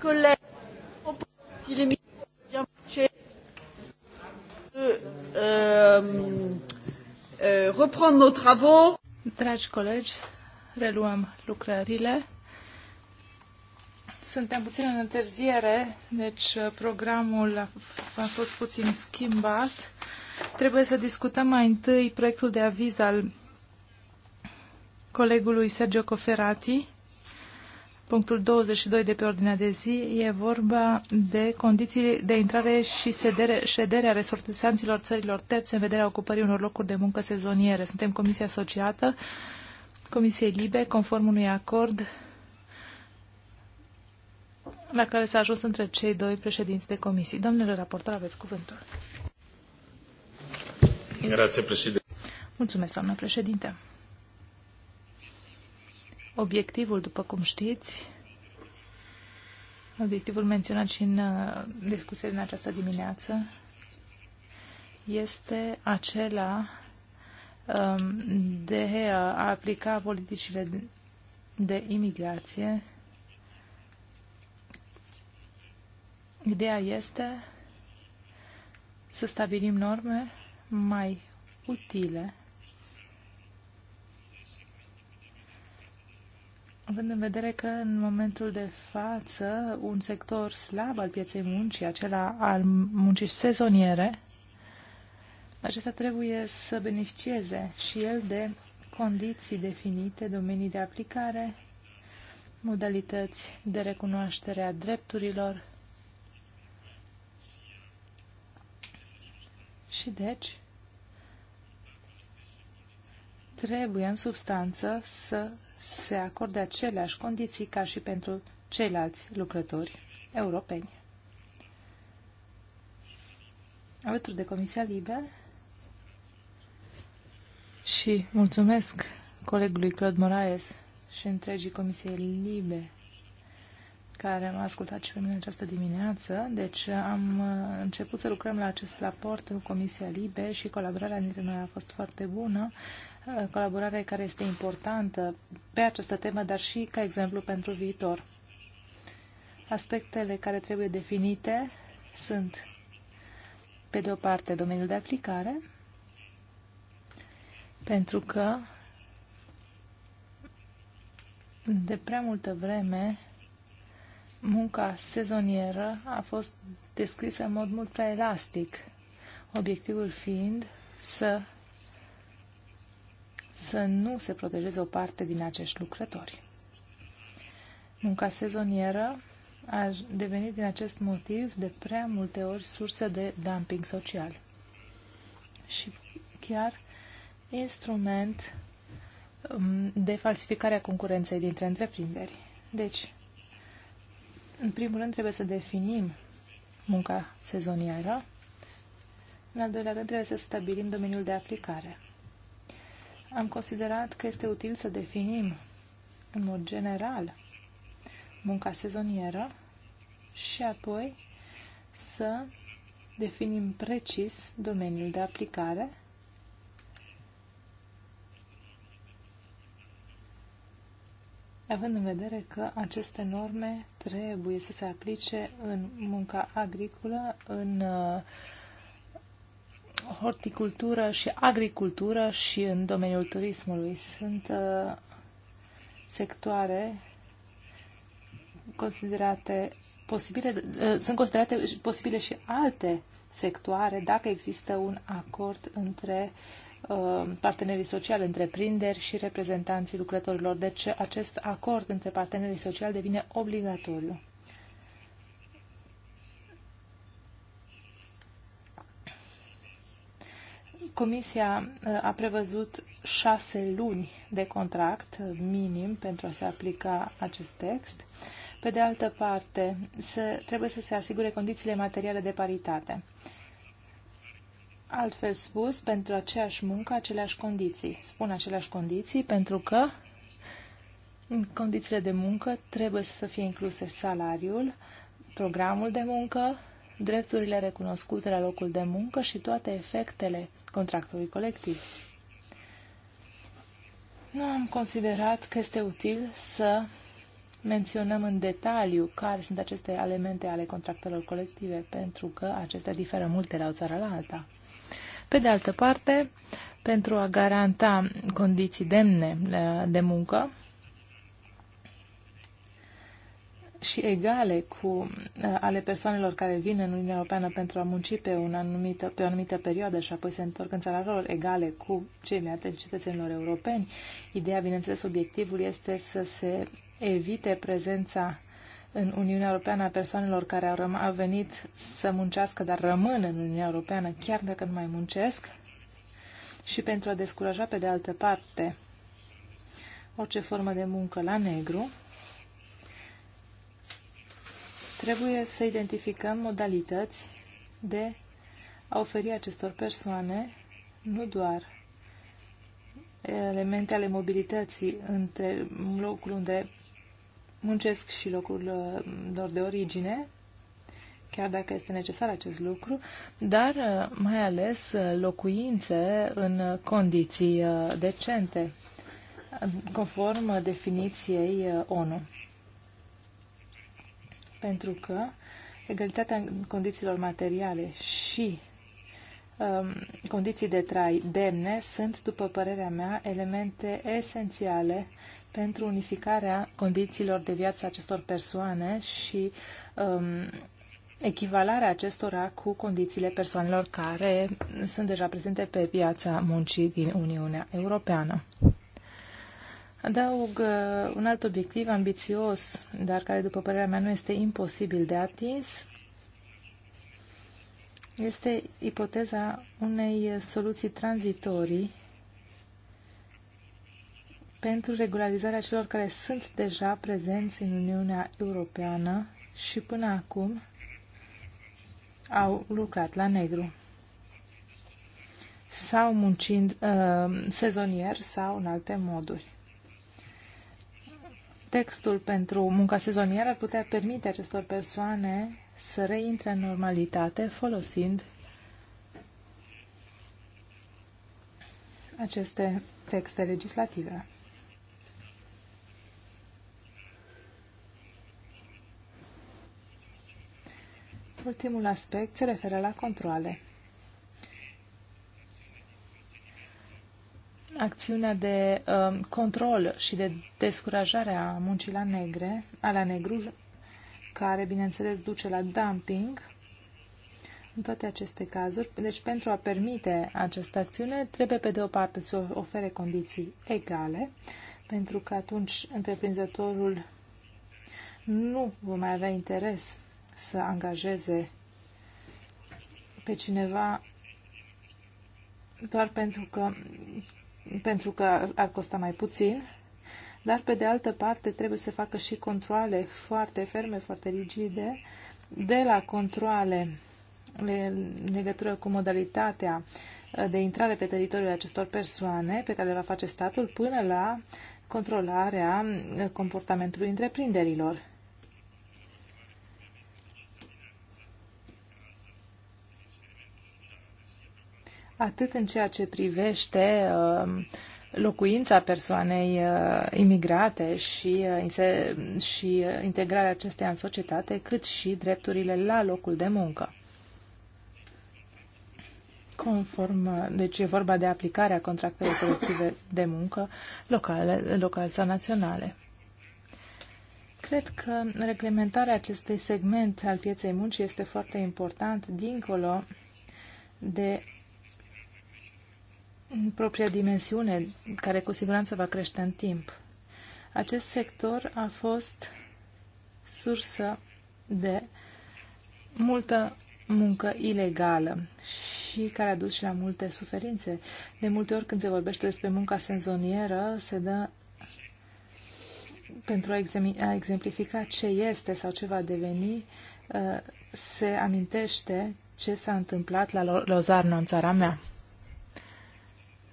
collègues, si les micros bien marché, de euh, um, euh, reprendre nos travaux. Dragi colegi, reluăm lucrările. Suntem puțin în întârziere, deci uh, programul a, a fost puțin schimbat. Trebuie să discutăm mai întâi proiectul de aviz al colegului Sergio Coferati Punctul 22 de pe ordinea de zi e vorba de condiții de intrare și sedere, șederea resortesanților țărilor terțe în vederea ocupării unor locuri de muncă sezoniere. Suntem comisia asociată Comisiei Libe, conform unui acord la care s-a ajuns între cei doi președinți de comisii. Domnule raportor, aveți cuvântul. Grazie, președinte. Mulțumesc, doamnă președinte. Obiectivul, după cum știți, obiectivul menționat și în uh, discuția din această dimineață, este acela um, de a aplica politicile de imigrație. Ideea este să stabilim norme mai utile Având în vedere că în momentul de față un sector slab al pieței muncii, acela al muncii sezoniere, acesta trebuie să beneficieze și el de condiții definite, domenii de aplicare, modalități de recunoaștere a drepturilor și deci trebuie în substanță să se acorde aceleași condiții ca și pentru ceilalți lucrători europeni. Alături de Comisia Liber și mulțumesc colegului Claude Moraes și întregii Comisiei Libe care m-a ascultat și pe mine această dimineață. Deci am uh, început să lucrăm la acest raport în Comisia Libe și colaborarea dintre noi a fost foarte bună. Uh, colaborare care este importantă pe această temă, dar și ca exemplu pentru viitor. Aspectele care trebuie definite sunt, pe de o parte, domeniul de aplicare, pentru că de prea multă vreme munca sezonieră a fost descrisă în mod mult prea elastic, obiectivul fiind să, să nu se protejeze o parte din acești lucrători. Munca sezonieră a devenit din acest motiv de prea multe ori sursă de dumping social și chiar instrument um, de falsificare a concurenței dintre întreprinderi. Deci, în primul rând trebuie să definim munca sezonieră. În al doilea rând trebuie să stabilim domeniul de aplicare. Am considerat că este util să definim în mod general munca sezonieră și apoi să definim precis domeniul de aplicare având în vedere că aceste norme trebuie să se aplice în munca agricolă, în uh, horticultură și agricultură și în domeniul turismului. Sunt uh, sectoare considerate posibile, uh, sunt considerate posibile și alte sectoare dacă există un acord între Uh, partenerii sociali, întreprinderi și reprezentanții lucrătorilor. Deci acest acord între partenerii sociali devine obligatoriu. Comisia uh, a prevăzut șase luni de contract minim pentru a se aplica acest text. Pe de altă parte, se, trebuie să se asigure condițiile materiale de paritate. Uh, Altfel spus, pentru aceeași muncă, aceleași condiții. Spun aceleași condiții pentru că în condițiile de muncă trebuie să fie incluse salariul, programul de muncă, drepturile recunoscute la locul de muncă și toate efectele contractului colectiv. Nu am considerat că este util să menționăm în detaliu care sunt aceste elemente ale contractelor colective, pentru că acestea diferă multe la o țară la alta. Pe de altă parte, pentru a garanta condiții demne de muncă și egale cu ale persoanelor care vin în Uniunea Europeană pentru a munci pe, un anumită, pe o anumită perioadă și apoi se întorc în țara lor, egale cu ceilalți cetățenilor europeni. Ideea, bineînțeles, obiectivul este să se evite prezența în Uniunea Europeană a persoanelor care au, au venit să muncească, dar rămân în Uniunea Europeană, chiar dacă nu mai muncesc, și pentru a descuraja pe de altă parte orice formă de muncă la negru, trebuie să identificăm modalități de a oferi acestor persoane nu doar elemente ale mobilității între locul unde muncesc și locul lor de origine, chiar dacă este necesar acest lucru, dar uh, mai ales uh, locuințe în condiții uh, decente, conform definiției ONU. Pentru că egalitatea în condițiilor materiale și um, condiții de trai demne sunt, după părerea mea, elemente esențiale pentru unificarea condițiilor de viață acestor persoane și um, echivalarea acestora cu condițiile persoanelor care sunt deja prezente pe piața muncii din Uniunea Europeană. Adaug uh, un alt obiectiv ambițios, dar care, după părerea mea, nu este imposibil de atins. Este ipoteza unei soluții tranzitorii pentru regularizarea celor care sunt deja prezenți în Uniunea Europeană și până acum au lucrat la negru sau muncind uh, sezonier sau în alte moduri. Textul pentru munca sezonieră ar putea permite acestor persoane să reintre în normalitate folosind aceste texte legislative. Ultimul aspect se referă la controle. acțiunea de uh, control și de descurajare a muncii la negre, a la negru, care, bineînțeles, duce la dumping, în toate aceste cazuri. Deci, pentru a permite această acțiune, trebuie, pe de o parte, să ofere condiții egale, pentru că atunci întreprinzătorul nu va mai avea interes să angajeze pe cineva doar pentru că, pentru că ar costa mai puțin, dar pe de altă parte trebuie să facă și controle foarte ferme, foarte rigide, de la controle în legătură cu modalitatea de intrare pe teritoriul acestor persoane pe care le va face statul până la controlarea comportamentului întreprinderilor. atât în ceea ce privește uh, locuința persoanei uh, imigrate și, uh, și integrarea acesteia în societate, cât și drepturile la locul de muncă. Conform, deci e vorba de aplicarea contractelor colective de muncă locale, locale sau naționale. Cred că reglementarea acestui segment al pieței muncii este foarte important, dincolo de în propria dimensiune, care cu siguranță va crește în timp. Acest sector a fost sursă de multă muncă ilegală și care a dus și la multe suferințe. De multe ori când se vorbește despre munca senzonieră, se dă pentru a, a exemplifica ce este sau ce va deveni, uh, se amintește ce s-a întâmplat la Lozarno, în țara mea.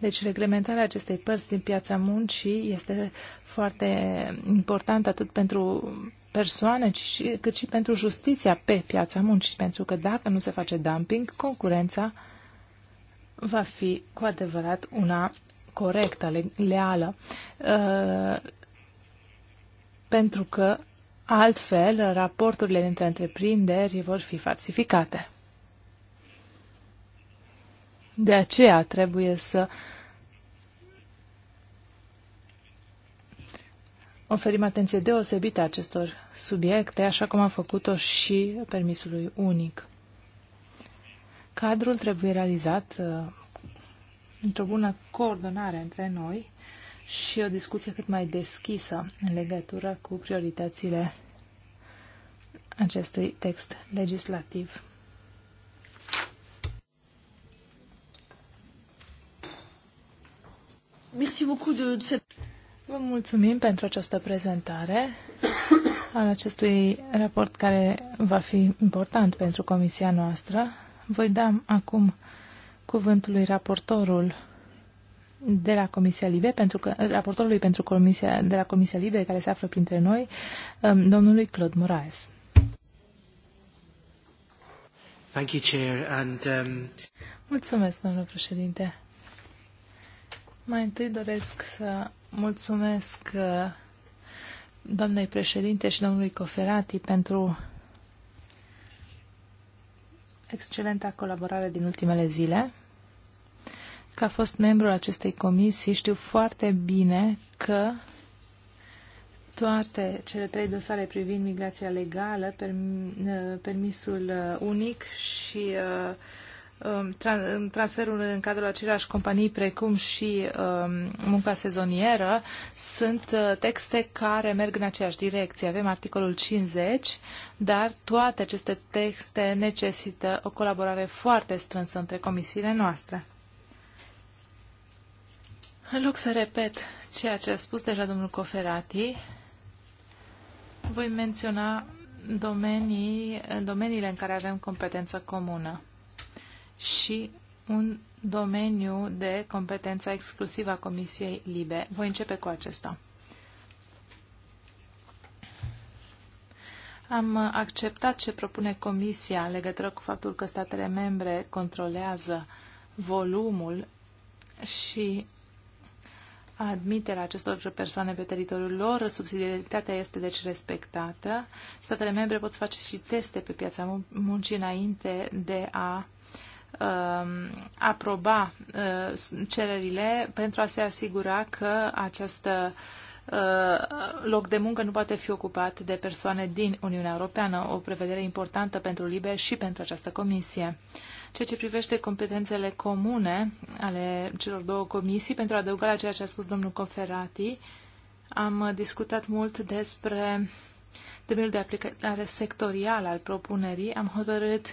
Deci reglementarea acestei părți din piața muncii este foarte importantă atât pentru persoane, cât și pentru justiția pe piața muncii, pentru că dacă nu se face dumping, concurența va fi cu adevărat una corectă, leală, uh, pentru că altfel raporturile dintre întreprinderi vor fi falsificate. De aceea trebuie să oferim atenție deosebită acestor subiecte, așa cum a făcut-o și permisului unic. Cadrul trebuie realizat uh, într-o bună coordonare între noi și o discuție cât mai deschisă în legătură cu prioritățile acestui text legislativ. Merci beaucoup de, de... Vă mulțumim pentru această prezentare al acestui raport care va fi important pentru comisia noastră. Voi da acum cuvântul lui raportorul de la Comisia Libe, pentru că, raportorului pentru comisia, de la Comisia Libe, care se află printre noi, um, domnului Claude Moraes. Thank you, Chair, and, um... Mulțumesc, domnule președinte. Mai întâi doresc să mulțumesc uh, doamnei președinte și domnului Coferati pentru excelenta colaborare din ultimele zile. Ca fost membru acestei comisii, știu foarte bine că toate cele trei dosare privind migrația legală, uh, permisul uh, unic și uh, Um, transferul în cadrul aceleași companii precum și um, munca sezonieră sunt uh, texte care merg în aceeași direcție. Avem articolul 50, dar toate aceste texte necesită o colaborare foarte strânsă între comisiile noastre. În loc să repet ceea ce a spus deja domnul Coferati, voi menționa domenii, domeniile în care avem competență comună și un domeniu de competență exclusivă a Comisiei Libe. Voi începe cu acesta. Am acceptat ce propune Comisia în legătură cu faptul că statele membre controlează volumul și admiterea acestor persoane pe teritoriul lor, subsidiaritatea este deci respectată. Statele membre pot face și teste pe piața muncii înainte de a Um, aproba uh, cererile pentru a se asigura că această uh, loc de muncă nu poate fi ocupat de persoane din Uniunea Europeană, o prevedere importantă pentru LIBE și pentru această comisie. Ceea ce privește competențele comune ale celor două comisii, pentru a adăuga la ceea ce a spus domnul Conferati, am discutat mult despre domeniul de aplicare sectorial al propunerii. Am hotărât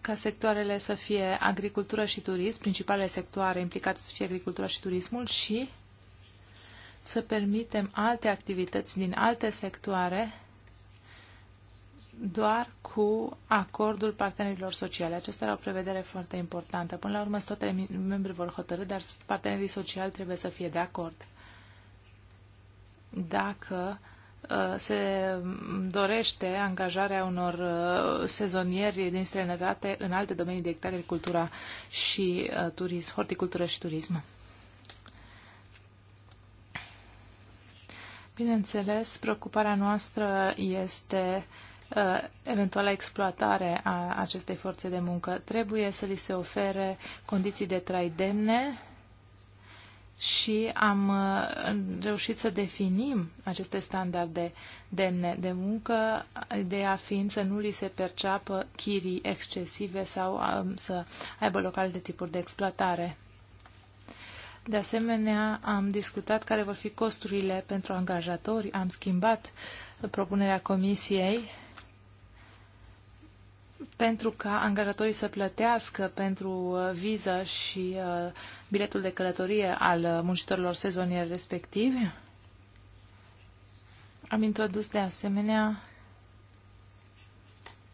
ca sectoarele să fie agricultură și turism, principalele sectoare implicate să fie agricultura și turismul și să permitem alte activități din alte sectoare doar cu acordul partenerilor sociale. Aceasta era o prevedere foarte importantă. Până la urmă, toate membrii vor hotărâ, dar partenerii sociali trebuie să fie de acord. Dacă Uh, se dorește angajarea unor uh, sezonieri din străinătate în alte domenii de agricultura și uh, turism, horticultură și turism. Bineînțeles, preocuparea noastră este eventuala exploatare a acestei forțe de muncă. Trebuie să li se ofere condiții de trai demne, și am uh, reușit să definim aceste standarde demne de muncă, ideea fiind să nu li se perceapă chirii excesive sau um, să aibă loc alte tipuri de exploatare. De asemenea, am discutat care vor fi costurile pentru angajatori, am schimbat propunerea comisiei pentru ca angajatorii să plătească pentru uh, viză și uh, biletul de călătorie al uh, muncitorilor sezonieri respectivi. Am introdus de asemenea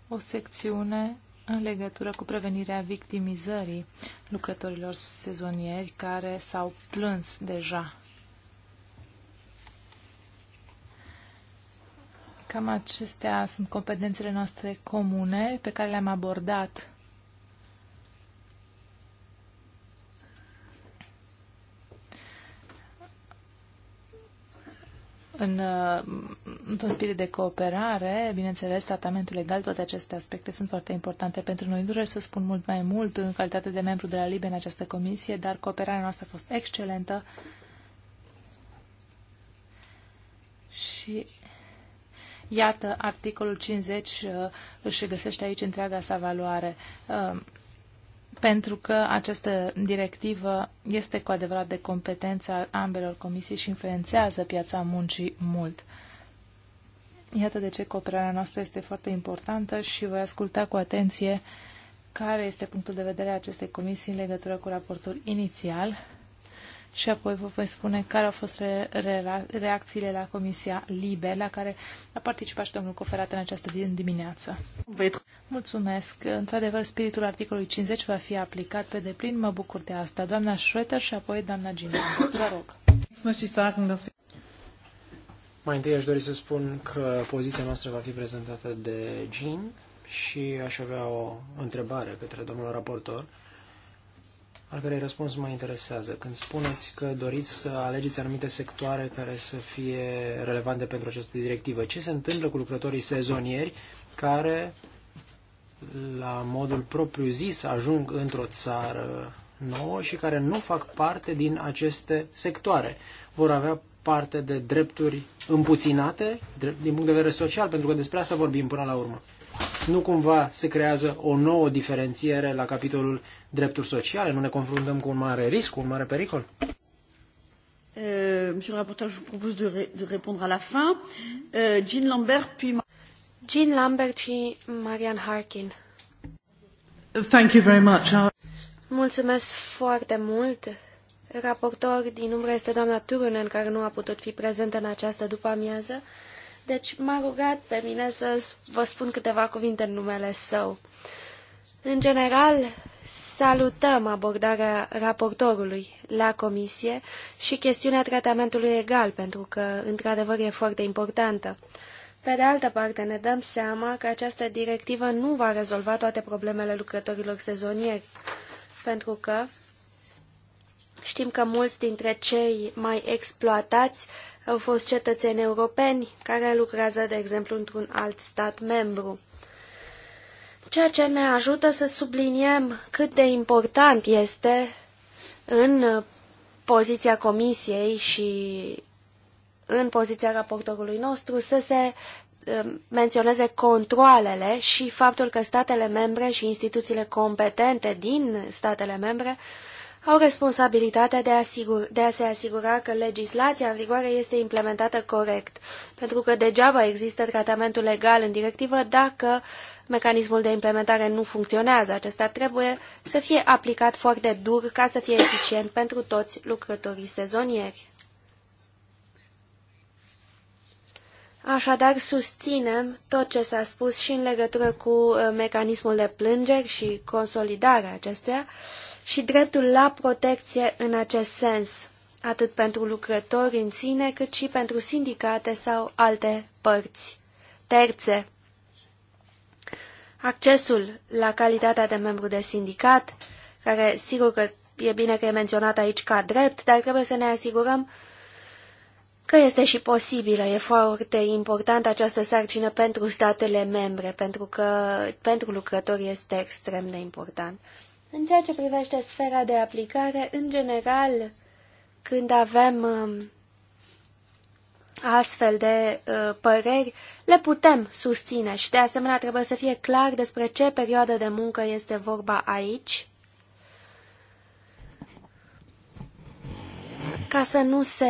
o secțiune în legătură cu prevenirea victimizării lucrătorilor sezonieri care s-au plâns deja Cam acestea sunt competențele noastre comune pe care le-am abordat în, într-un spirit de cooperare, bineînțeles, tratamentul legal, toate aceste aspecte sunt foarte importante pentru noi. Nu să spun mult mai mult în calitate de membru de la LIBE în această comisie, dar cooperarea noastră a fost excelentă și Iată, articolul 50 uh, își găsește aici întreaga sa valoare, uh, pentru că această directivă este cu adevărat de competență a ambelor comisii și influențează piața muncii mult. Iată de ce cooperarea noastră este foarte importantă și voi asculta cu atenție care este punctul de vedere a acestei comisii în legătură cu raportul inițial și apoi vă voi spune care au fost re- re- reacțiile la Comisia Libe, la care a participat și domnul Coferat în această dimineață. Mulțumesc! Într-adevăr, spiritul articolului 50 va fi aplicat pe deplin. Mă bucur de asta. Doamna Schroeter și apoi doamna Gina. Vă rog! Mai întâi aș dori să spun că poziția noastră va fi prezentată de Jean și aș avea o întrebare către domnul raportor al cărei răspuns mă interesează. Când spuneți că doriți să alegeți anumite sectoare care să fie relevante pentru această directivă, ce se întâmplă cu lucrătorii sezonieri care, la modul propriu zis, ajung într-o țară nouă și care nu fac parte din aceste sectoare? Vor avea parte de drepturi împuținate din punct de vedere social, pentru că despre asta vorbim până la urmă nu cumva se creează o nouă diferențiere la capitolul drepturi sociale? Nu ne confruntăm cu un mare risc, cu un mare pericol? Euh, monsieur le rapporteur, je vous propose de, de répondre à la fin. Euh, Jean Lambert, puis... Jean Lambert și Marian Harkin. Thank you very much. Mulțumesc foarte mult. Raportor din umbră este doamna Turunen, care nu a putut fi prezentă în această după-amiază. Deci m-a rugat pe mine să vă spun câteva cuvinte în numele său. În general, salutăm abordarea raportorului la comisie și chestiunea tratamentului egal, pentru că, într-adevăr, e foarte importantă. Pe de altă parte, ne dăm seama că această directivă nu va rezolva toate problemele lucrătorilor sezonieri, pentru că Știm că mulți dintre cei mai exploatați au fost cetățeni europeni care lucrează, de exemplu, într-un alt stat membru. Ceea ce ne ajută să subliniem cât de important este în poziția comisiei și în poziția raportorului nostru să se um, menționeze controlele și faptul că statele membre și instituțiile competente din statele membre uh, au responsabilitatea de a, asigur, de a se asigura că legislația în vigoare este implementată corect, pentru că degeaba există tratamentul legal în directivă dacă mecanismul de implementare nu funcționează. Acesta trebuie să fie aplicat foarte dur ca să fie eficient pentru toți lucrătorii sezonieri. Așadar, susținem tot ce s-a spus și în legătură cu uh, mecanismul de plângeri și consolidarea acestuia, și dreptul la protecție în acest sens, atât pentru lucrători în sine, cât și pentru sindicate sau alte părți. Terțe. Accesul la calitatea de membru de sindicat, care sigur că e bine că e menționat aici ca drept, dar trebuie să ne asigurăm că este și posibilă. E foarte importantă această sarcină pentru statele membre, pentru că pentru lucrători este extrem de important. În ceea ce privește sfera de aplicare, în general, când avem um, astfel de uh, păreri, le putem susține și de asemenea trebuie să fie clar despre ce perioadă de muncă este vorba aici ca să nu se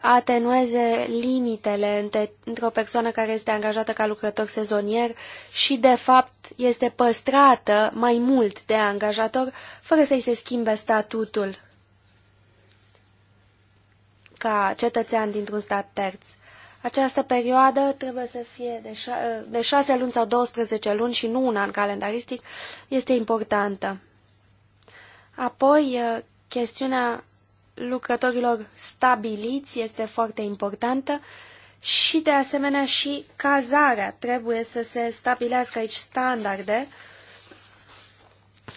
atenueze limitele între, între o persoană care este angajată ca lucrător sezonier și, de fapt, este păstrată mai mult de angajator, fără să-i se schimbe statutul ca cetățean dintr-un stat terț. Această perioadă trebuie să fie de, șa de șase luni sau 12 luni și nu un an calendaristic, este importantă. Apoi, chestiunea lucrătorilor stabiliți este foarte importantă și, de asemenea, și cazarea. Trebuie să se stabilească aici standarde,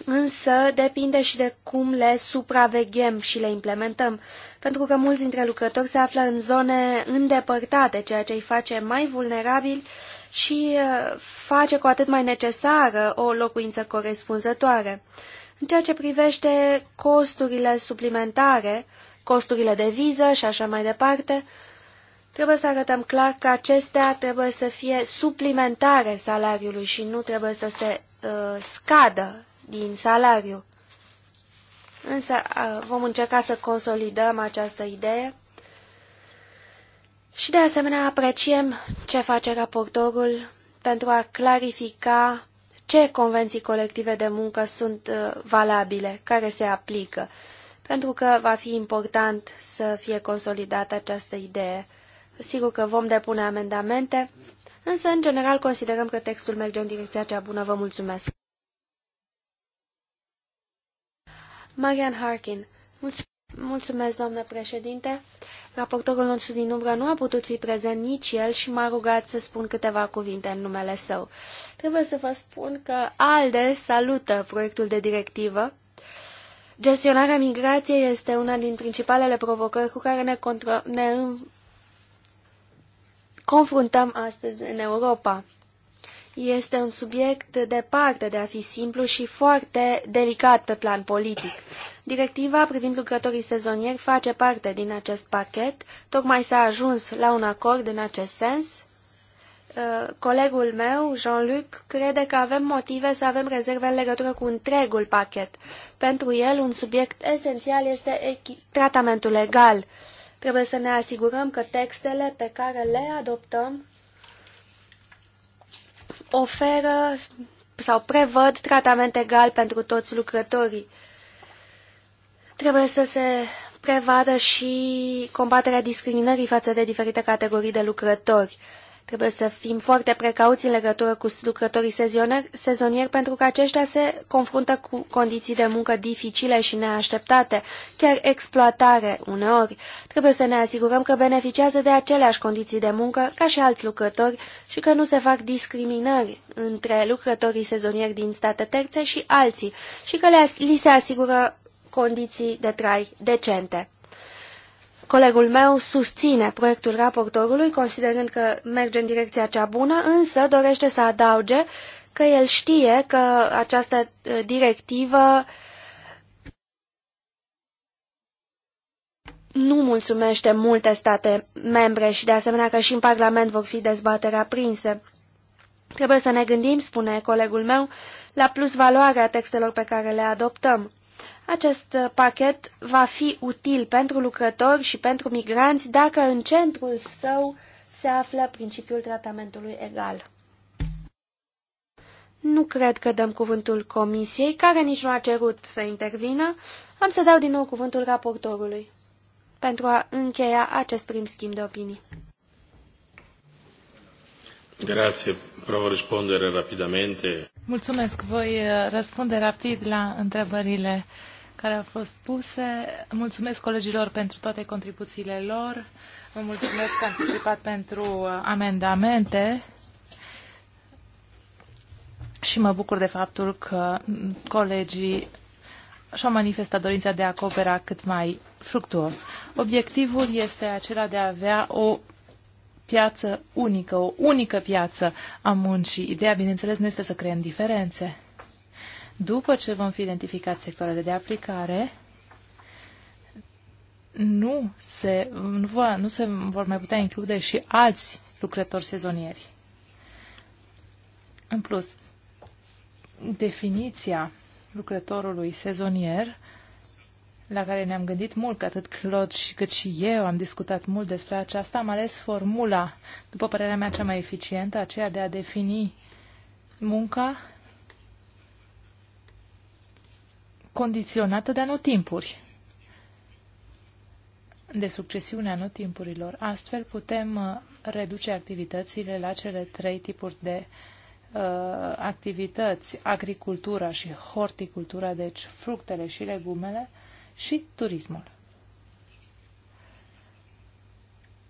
însă depinde și de cum le supraveghem și le implementăm, pentru că mulți dintre lucrători se află în zone îndepărtate, ceea ce îi face mai vulnerabili și uh, face cu atât mai necesară o locuință corespunzătoare. În ceea ce privește costurile suplimentare, costurile de viză și așa mai departe, trebuie să arătăm clar că acestea trebuie să fie suplimentare salariului și nu trebuie să se uh, scadă din salariu. Însă uh, vom încerca să consolidăm această idee și de asemenea apreciem ce face raportorul pentru a clarifica ce convenții colective de muncă sunt uh, valabile, care se aplică, pentru că va fi important să fie consolidată această idee. Sigur că vom depune amendamente, însă, în general, considerăm că textul merge în direcția cea bună. Vă mulțumesc! Marian Harkin, mulțumesc! Mulțumesc, doamnă președinte. Raportorul nostru din umbră nu a putut fi prezent nici el și m-a rugat să spun câteva cuvinte în numele său. Trebuie să vă spun că ALDE salută proiectul de directivă. Gestionarea migrației este una din principalele provocări cu care ne, ne confruntăm astăzi în Europa. Este un subiect departe de a fi simplu și foarte delicat pe plan politic. Directiva privind lucrătorii sezonieri face parte din acest pachet. Tocmai s-a ajuns la un acord în acest sens. Uh, colegul meu, Jean-Luc, crede că avem motive să avem rezerve în legătură cu întregul pachet. Pentru el, un subiect esențial este tratamentul legal. Trebuie să ne asigurăm că textele pe care le adoptăm oferă sau prevăd tratament egal pentru toți lucrătorii. Trebuie să se prevadă și combaterea discriminării față de diferite categorii de lucrători. Trebuie să fim foarte precauți în legătură cu lucrătorii sezonieri pentru că aceștia se confruntă cu condiții de muncă dificile și neașteptate, chiar exploatare uneori. Trebuie să ne asigurăm că beneficiază de aceleași condiții de muncă ca și alți lucrători și că nu se fac discriminări între lucrătorii sezonieri din state terțe și alții și că le, li se asigură condiții de trai decente. Colegul meu susține proiectul raportorului, considerând că merge în direcția cea bună, însă dorește să adauge că el știe că această uh, directivă nu mulțumește multe state membre și de asemenea că și în Parlament vor fi dezbateri aprinse. Trebuie să ne gândim, spune colegul meu, la plus valoarea textelor pe care le adoptăm. Acest pachet va fi util pentru lucrători și pentru migranți dacă în centrul său se află principiul tratamentului egal. Nu cred că dăm cuvântul comisiei, care nici nu a cerut să intervină. Am să dau din nou cuvântul raportorului pentru a încheia acest prim schimb de opinii. Grazie. Provo rispondere rapidamente. Mulțumesc. Voi uh, răspunde rapid la întrebările care au fost puse. Mulțumesc colegilor pentru toate contribuțiile lor. Vă mulțumesc anticipat pentru uh, amendamente și mă bucur de faptul că colegii și-au manifestat dorința de a coopera cât mai fructuos. Obiectivul este acela de a avea o piață unică, o unică piață a muncii. Ideea, bineînțeles, nu este să creăm diferențe. După ce vom fi identificat sectoarele de aplicare, nu se, nu, va, nu se vor mai putea include și alți lucrători sezonieri. În plus, definiția lucrătorului sezonier, la care ne-am gândit mult, că atât Claude și cât și eu am discutat mult despre aceasta, am ales formula, după părerea mea cea mai eficientă, aceea de a defini munca condiționată de anotimpuri, de succesiunea anotimpurilor. Astfel putem uh, reduce activitățile la cele trei tipuri de uh, activități, agricultura și horticultura, deci fructele și legumele și turismul.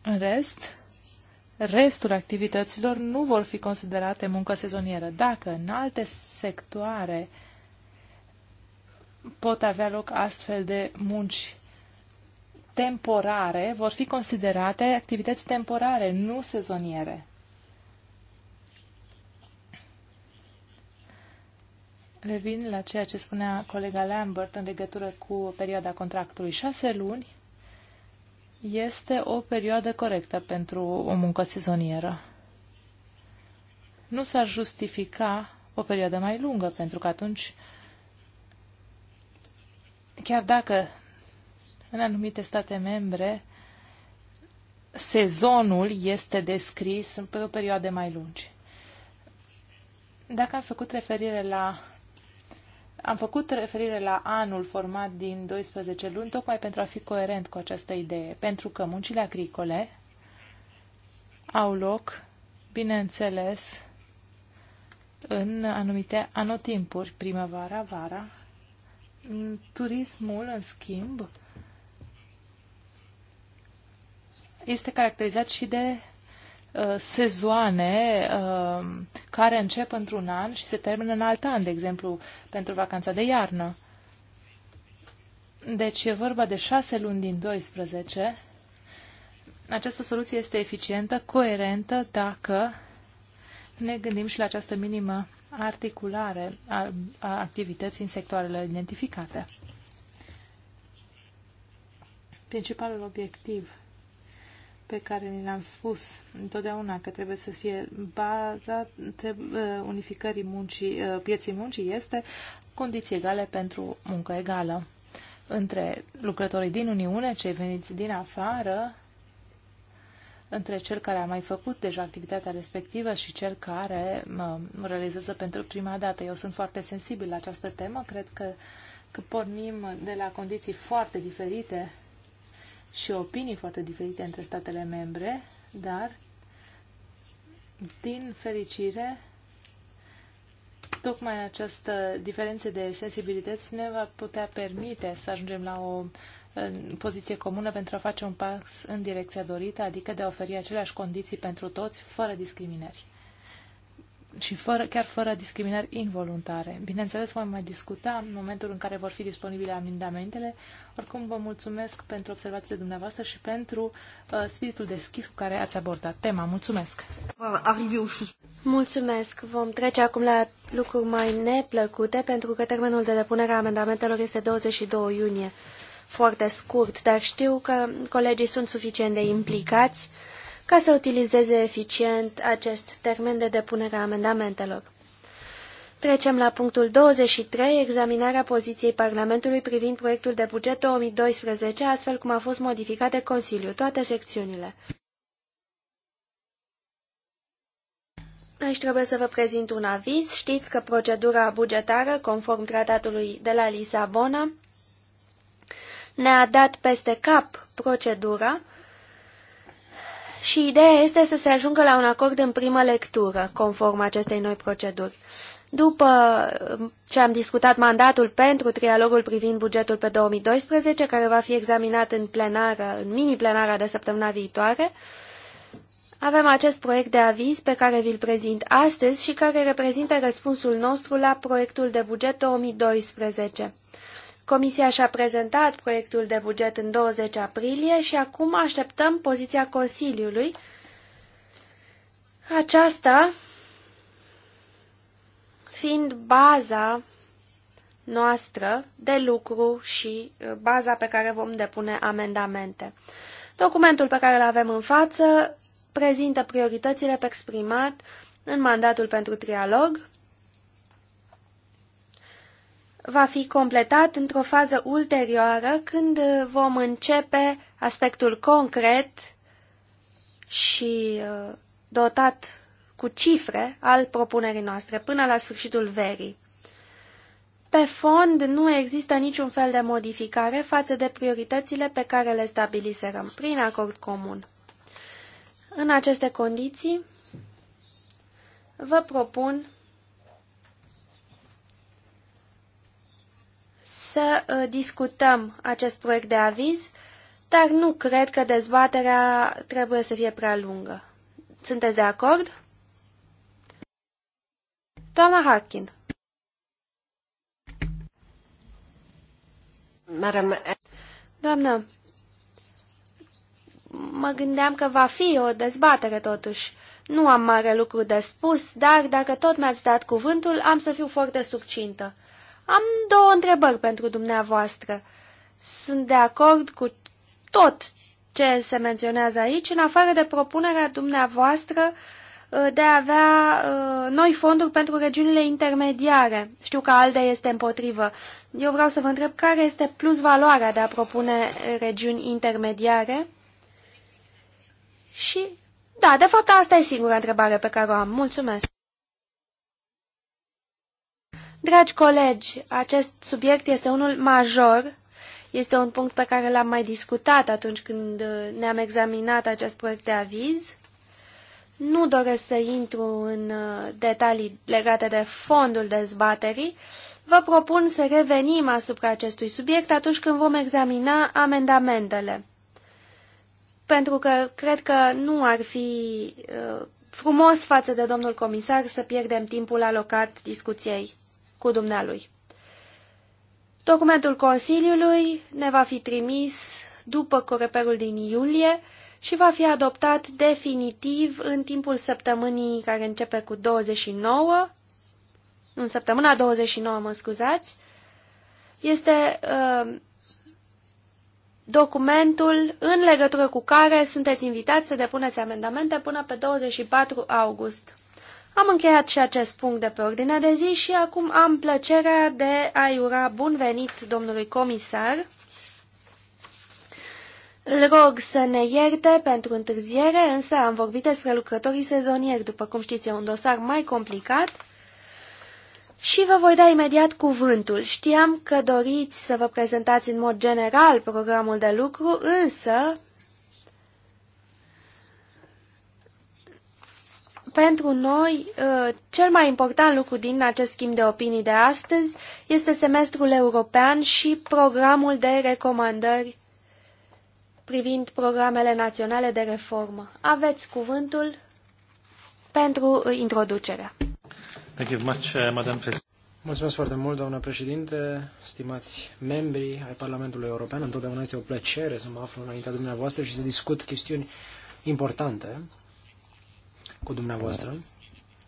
În rest, restul activităților nu vor fi considerate muncă sezonieră. Dacă în alte sectoare uh, pot avea loc astfel de munci temporare, vor fi considerate activități temporare, nu sezoniere. Revin la ceea ce spunea colega Lambert în legătură cu perioada contractului. Șase luni este o perioadă corectă pentru o muncă sezonieră. Nu s-ar justifica o perioadă mai lungă, pentru că atunci uh, Chiar dacă în anumite state membre sezonul este descris pe o perioadă mai lungi. Dacă am făcut referire la am făcut referire la anul format din 12 luni tocmai pentru a fi coerent cu această idee, pentru că muncile agricole au loc, bineînțeles, în anumite anotimpuri, primăvara, vara Turismul, în schimb, este caracterizat și de uh, sezoane uh, care încep într-un an și se termină în alt an, de exemplu, pentru vacanța de iarnă. Deci e vorba de șase luni din 12. Această soluție este eficientă, coerentă, dacă ne gândim și la această minimă articulare a, a activității în sectoarele identificate. Principalul obiectiv pe care ni l-am spus întotdeauna că trebuie să fie baza trebuie, ă, unificării muncii, ă, pieții muncii este condiții egale pentru muncă egală între lucrătorii din Uniune, cei veniți din afară, între cel care a mai făcut deja activitatea respectivă și cel care mă realizează pentru prima dată. Eu sunt foarte sensibil la această temă, cred că, că pornim de la condiții foarte diferite și opinii foarte diferite între statele membre, dar, din fericire, tocmai această diferență de sensibilități ne va putea permite să ajungem la o uh, în poziție comună pentru a face un pas în direcția dorită, adică de a oferi aceleași condiții pentru toți, fără discriminări. Și fără, chiar fără discriminări involuntare. Bineînțeles, vom mai discuta în momentul în care vor fi disponibile amendamentele. Oricum, vă mulțumesc pentru observațiile dumneavoastră și pentru uh, spiritul deschis cu care ați abordat tema. Mulțumesc! Mulțumesc! Vom trece acum la lucruri mai neplăcute, pentru că termenul de depunere a amendamentelor este 22 iunie foarte scurt, dar știu că colegii sunt suficient de implicați ca să utilizeze eficient acest termen de depunere a amendamentelor. Trecem la punctul 23, examinarea poziției Parlamentului privind proiectul de buget 2012, astfel cum a fost modificat de Consiliu, toate secțiunile. Aici trebuie să vă prezint un aviz. Știți că procedura bugetară, conform tratatului de la Lisabona, ne-a dat peste cap procedura și ideea este să se ajungă la un acord în primă lectură, conform acestei noi proceduri. După ce am discutat mandatul pentru trialogul privind bugetul pe 2012, care va fi examinat în plenară, în mini-plenara de săptămâna viitoare, avem acest proiect de aviz pe care vi-l prezint astăzi și care reprezintă răspunsul nostru la proiectul de buget 2012. Comisia și-a prezentat proiectul de buget în 20 aprilie și acum așteptăm poziția Consiliului. Aceasta fiind baza noastră de lucru și uh, baza pe care vom depune amendamente. Documentul pe care îl avem în față prezintă prioritățile pe exprimat în mandatul pentru trialog va fi completat într-o fază ulterioară când vom începe aspectul concret și uh, dotat cu cifre al propunerii noastre până la sfârșitul verii. Pe fond, nu există niciun fel de modificare față de prioritățile pe care le stabiliserăm prin acord comun. În aceste condiții, vă propun să uh, discutăm acest proiect de aviz, dar nu cred că dezbaterea trebuie să fie prea lungă. Sunteți de acord? Doamna Harkin. Doamnă, mă gândeam că va fi o dezbatere totuși. Nu am mare lucru de spus, dar dacă tot mi-ați dat cuvântul, am să fiu foarte subcintă. Am două întrebări pentru dumneavoastră. Sunt de acord cu tot ce se menționează aici, în afară de propunerea dumneavoastră uh, de a avea uh, noi fonduri pentru regiunile intermediare. Știu că ALDE este împotrivă. Eu vreau să vă întreb care este plus valoarea de a propune regiuni intermediare. Și, da, de fapt asta e singura întrebare pe care o am. Mulțumesc! Dragi colegi, acest subiect este unul major, este un punct pe care l-am mai discutat atunci când uh, ne-am examinat acest proiect de aviz. Nu doresc să intru în uh, detalii legate de fondul dezbaterii. Vă propun să revenim asupra acestui subiect atunci când vom examina amendamentele. Pentru că cred că nu ar fi uh, frumos față de domnul comisar să pierdem timpul alocat discuției cu dumnealui. Documentul Consiliului ne va fi trimis după coreperul din iulie și va fi adoptat definitiv în timpul săptămânii care începe cu 29, în săptămâna 29, mă scuzați, este uh, documentul în legătură cu care sunteți invitați să depuneți amendamente până pe 24 august. Am încheiat și acest punct de pe ordinea de zi și acum am plăcerea de a-i ura bun venit domnului comisar. Îl rog să ne ierte pentru întârziere, însă am vorbit despre lucrătorii sezonieri, după cum știți, e un dosar mai complicat. Și vă voi da imediat cuvântul. Știam că doriți să vă prezentați în mod general programul de lucru, însă Pentru noi, uh, cel mai important lucru din acest schimb de opinii de astăzi este semestrul european și programul de recomandări privind programele naționale de reformă. Aveți cuvântul pentru introducerea. Thank you much, uh, Madam Mulțumesc foarte mult, doamna președinte, stimați membri ai Parlamentului European. Întotdeauna este o plăcere să mă aflu înaintea dumneavoastră și să discut chestiuni importante cu dumneavoastră.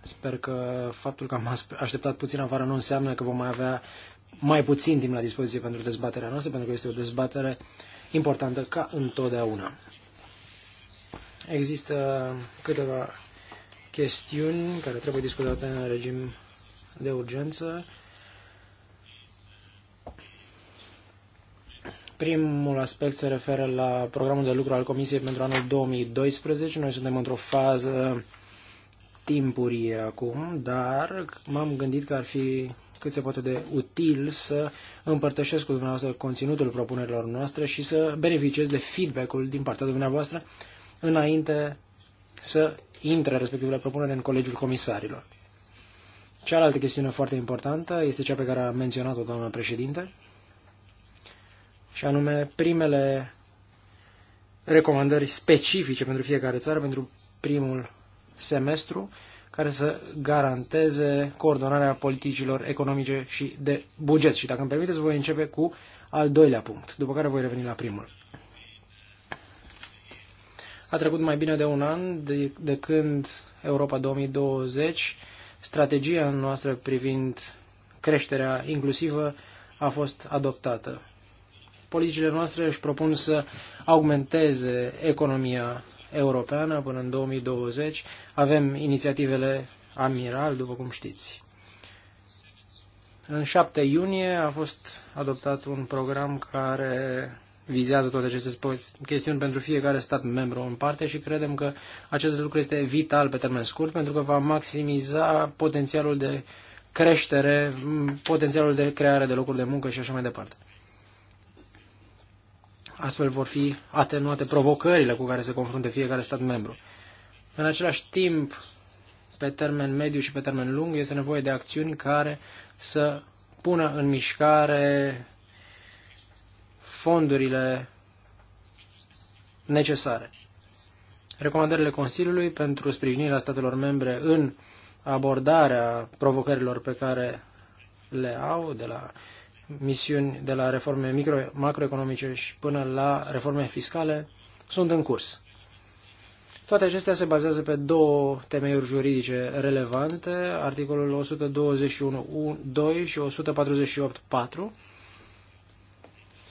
Sper că faptul că am așteptat puțin afară nu înseamnă că vom mai avea mai puțin timp la dispoziție pentru dezbaterea noastră, pentru că este o dezbatere importantă ca întotdeauna. Există câteva chestiuni care trebuie discutate în regim de urgență. Primul aspect se referă la programul de lucru al Comisiei pentru anul 2012. Noi suntem într-o fază timpurie acum, dar m-am gândit că ar fi cât se poate de util să împărtășesc cu dumneavoastră conținutul propunerilor noastre și să beneficiez de feedback-ul din partea dumneavoastră înainte să intre respectivele propunere în Colegiul Comisarilor. Cealaltă chestiune foarte importantă este cea pe care a menționat-o doamna președinte, și anume primele recomandări specifice pentru fiecare țară, pentru primul semestru care să garanteze coordonarea politicilor economice și de buget. Și dacă îmi permiteți, voi începe cu al doilea punct, după care voi reveni la primul. A trecut mai bine de un an de, de când Europa 2020, strategia noastră privind creșterea inclusivă, a fost adoptată. Politicile noastre își propun să augmenteze economia europeană până în 2020. Avem inițiativele Amiral, după cum știți. În 7 iunie a fost adoptat un program care vizează toate aceste chestiuni pentru fiecare stat membru în parte și credem că acest lucru este vital pe termen scurt pentru că va maximiza potențialul de creștere, potențialul de creare de locuri de muncă și așa mai departe. Astfel vor fi atenuate provocările cu care se confruntă fiecare stat membru. În același timp, pe termen mediu și pe termen lung, este nevoie de acțiuni care să pună în mișcare fondurile necesare. Recomandările Consiliului pentru sprijinirea statelor membre în abordarea provocărilor pe care le au, de la misiuni de la reforme micro, macroeconomice și până la reforme fiscale sunt în curs. Toate acestea se bazează pe două temeiuri juridice relevante, articolul 121.2 și 148.4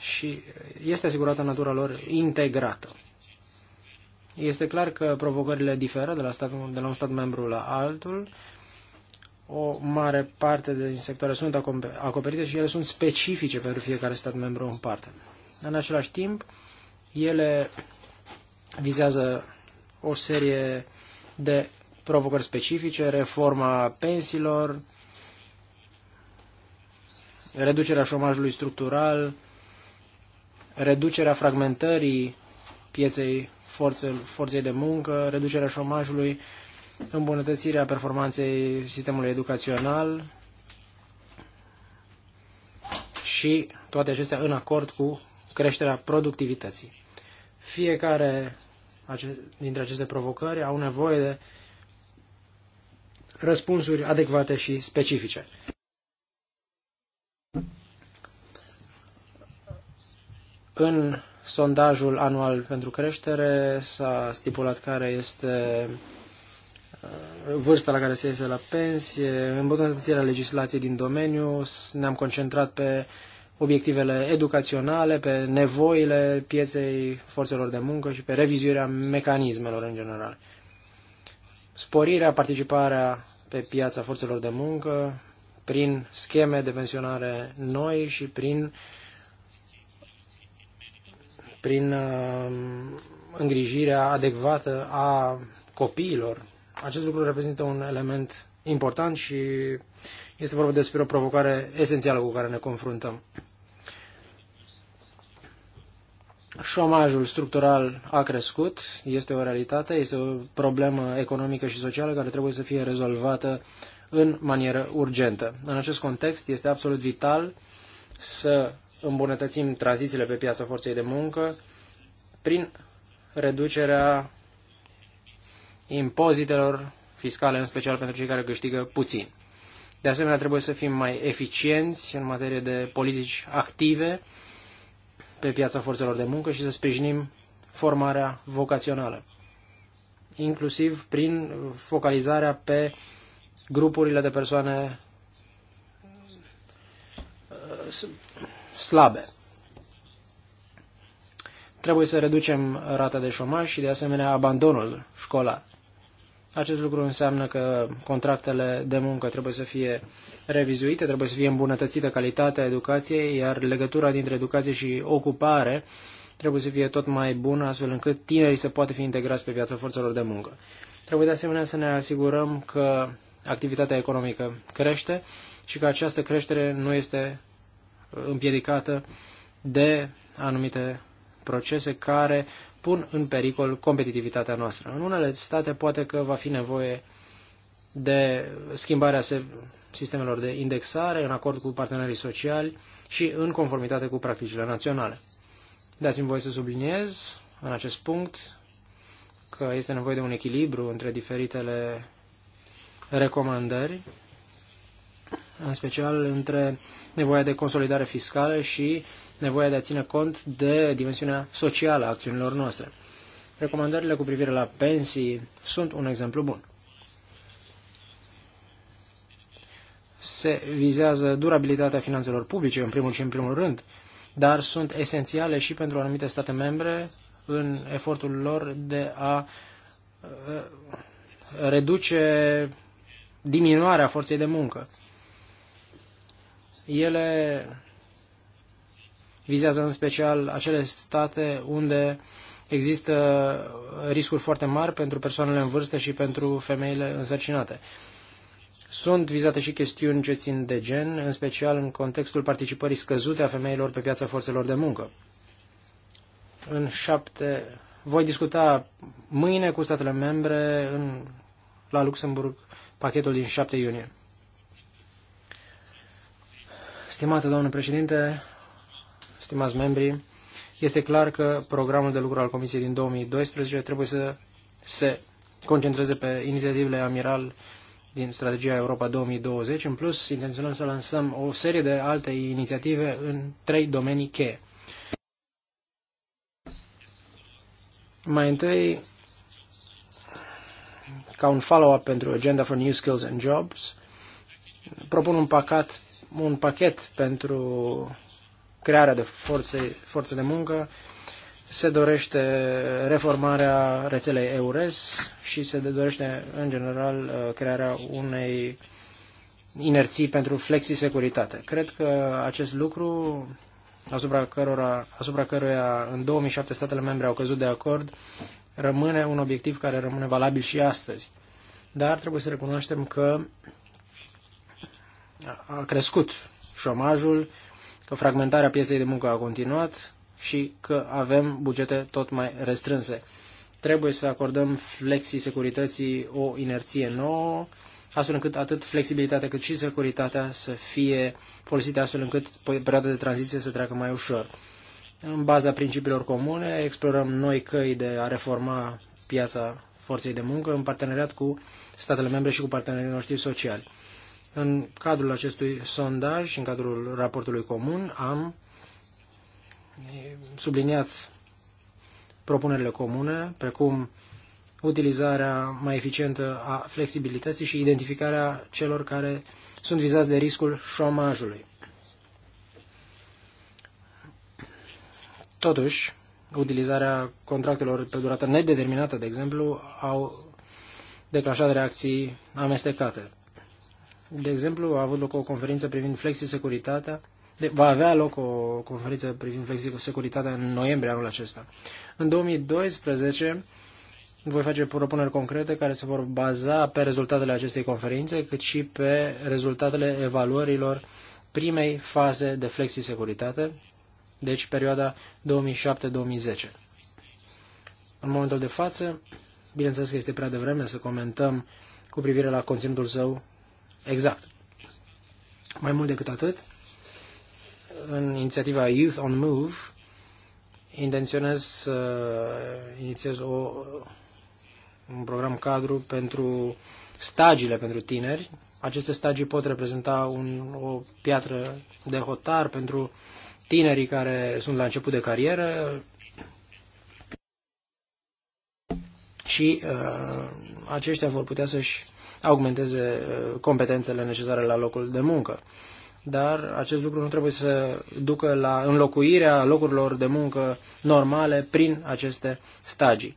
și este asigurată natura lor integrată. Este clar că provocările diferă de la, stat, de la un stat membru la altul o mare parte din sectoare sunt acoperite și ele sunt specifice pentru fiecare stat membru în parte. În același timp, ele vizează o serie de provocări specifice, reforma pensiilor, reducerea șomajului structural, reducerea fragmentării pieței forței de muncă, reducerea șomajului, îmbunătățirea performanței sistemului educațional și toate acestea în acord cu creșterea productivității. Fiecare dintre aceste provocări au nevoie de răspunsuri adecvate și specifice. În sondajul anual pentru creștere s-a stipulat care este vârsta la care se iese la pensie, îmbunătățirea legislației din domeniu, ne-am concentrat pe obiectivele educaționale, pe nevoile pieței forțelor de muncă și pe revizuirea mecanismelor în general. Sporirea, participarea pe piața forțelor de muncă prin scheme de pensionare noi și prin, prin uh, îngrijirea adecvată a copiilor acest lucru reprezintă un element important și este vorba despre o provocare esențială cu care ne confruntăm. Șomajul structural a crescut, este o realitate, este o problemă economică și socială care trebuie să fie rezolvată în manieră urgentă. În acest context este absolut vital să îmbunătățim tranzițiile pe piața forței de muncă prin reducerea impozitelor fiscale, în special pentru cei care câștigă puțin. De asemenea, trebuie să fim mai eficienți în materie de politici active pe piața forțelor de muncă și să sprijinim formarea vocațională, inclusiv prin focalizarea pe grupurile de persoane uh, slabe. Trebuie să reducem rata de șomaj și, de asemenea, abandonul școlar. Acest lucru înseamnă că contractele de muncă trebuie să fie revizuite, trebuie să fie îmbunătățită calitatea educației, iar legătura dintre educație și ocupare trebuie să fie tot mai bună, astfel încât tinerii să poată fi integrați pe piața forțelor de muncă. Trebuie de asemenea să ne asigurăm că activitatea economică crește și că această creștere nu este uh, împiedicată de anumite procese care pun în pericol competitivitatea noastră. În unele state poate că va fi nevoie de schimbarea sistemelor de indexare în acord cu partenerii sociali și în conformitate cu practicile naționale. Dați-mi voie să subliniez în acest punct că este nevoie de un echilibru între diferitele recomandări, în special între nevoia de consolidare fiscală și nevoia de a ține cont de dimensiunea socială a acțiunilor noastre. Recomandările cu privire la pensii sunt un exemplu bun. Se vizează durabilitatea finanțelor publice, în primul și în primul rând, dar sunt esențiale și pentru anumite state membre în efortul lor de a uh, reduce diminuarea forței de muncă. Ele vizează în special acele state unde există riscuri foarte mari pentru persoanele în vârstă și pentru femeile însărcinate. Sunt vizate și chestiuni ce țin de gen, în special în contextul participării scăzute a femeilor pe piața forțelor de muncă. În șapte... Voi discuta mâine cu statele membre în, la Luxemburg pachetul din 7 iunie. Stimată doamnă președinte, stimați membri, este clar că programul de lucru al Comisiei din 2012 trebuie să se concentreze pe inițiativele Amiral din strategia Europa 2020. În plus, intenționăm să lansăm o serie de alte inițiative în trei domenii cheie. Mai întâi, ca un follow-up pentru Agenda for New Skills and Jobs, propun un pachet, un pachet pentru crearea de forțe, forțe de muncă, se dorește reformarea rețelei EURES și se dorește, în general, uh, crearea unei inerții pentru flexi-securitate. Cred că acest lucru, asupra, cărora, asupra căruia în 2007 statele membre au căzut de acord, rămâne un obiectiv care rămâne valabil și astăzi. Dar trebuie să recunoaștem că a crescut șomajul, că fragmentarea pieței de muncă a continuat și că avem bugete tot mai restrânse. Trebuie să acordăm flexii securității o inerție nouă, astfel încât atât flexibilitatea cât și securitatea să fie folosite astfel încât păi, perioada de tranziție să treacă mai ușor. În baza principiilor comune, explorăm noi căi de a reforma piața forței de muncă în parteneriat cu statele membre și cu partenerii noștri sociali. În cadrul acestui sondaj și în cadrul raportului comun am subliniat propunerile comune, precum utilizarea mai eficientă a flexibilității și identificarea celor care sunt vizați de riscul șomajului. Totuși, utilizarea contractelor pe durată nedeterminată, de exemplu, au declanșat reacții amestecate. De exemplu, a avut loc o conferință privind flexi de, va avea loc o conferință privind flexi-securitatea în noiembrie anul acesta. În 2012 voi face propuneri concrete care se vor baza pe rezultatele acestei conferințe, cât și pe rezultatele evaluărilor primei faze de flexi-securitate, deci perioada 2007-2010. În momentul de față, bineînțeles că este prea devreme să comentăm cu privire la conținutul său exact. Mai mult decât atât, în inițiativa Youth on Move, intenționez să inițiez o, un program cadru pentru stagiile pentru tineri. Aceste stagii pot reprezenta un, o piatră de hotar pentru tinerii care sunt la început de carieră și uh, aceștia vor putea să-și augmenteze uh, competențele necesare la locul de muncă. Dar acest lucru nu trebuie să ducă la înlocuirea locurilor de muncă normale prin aceste stagii.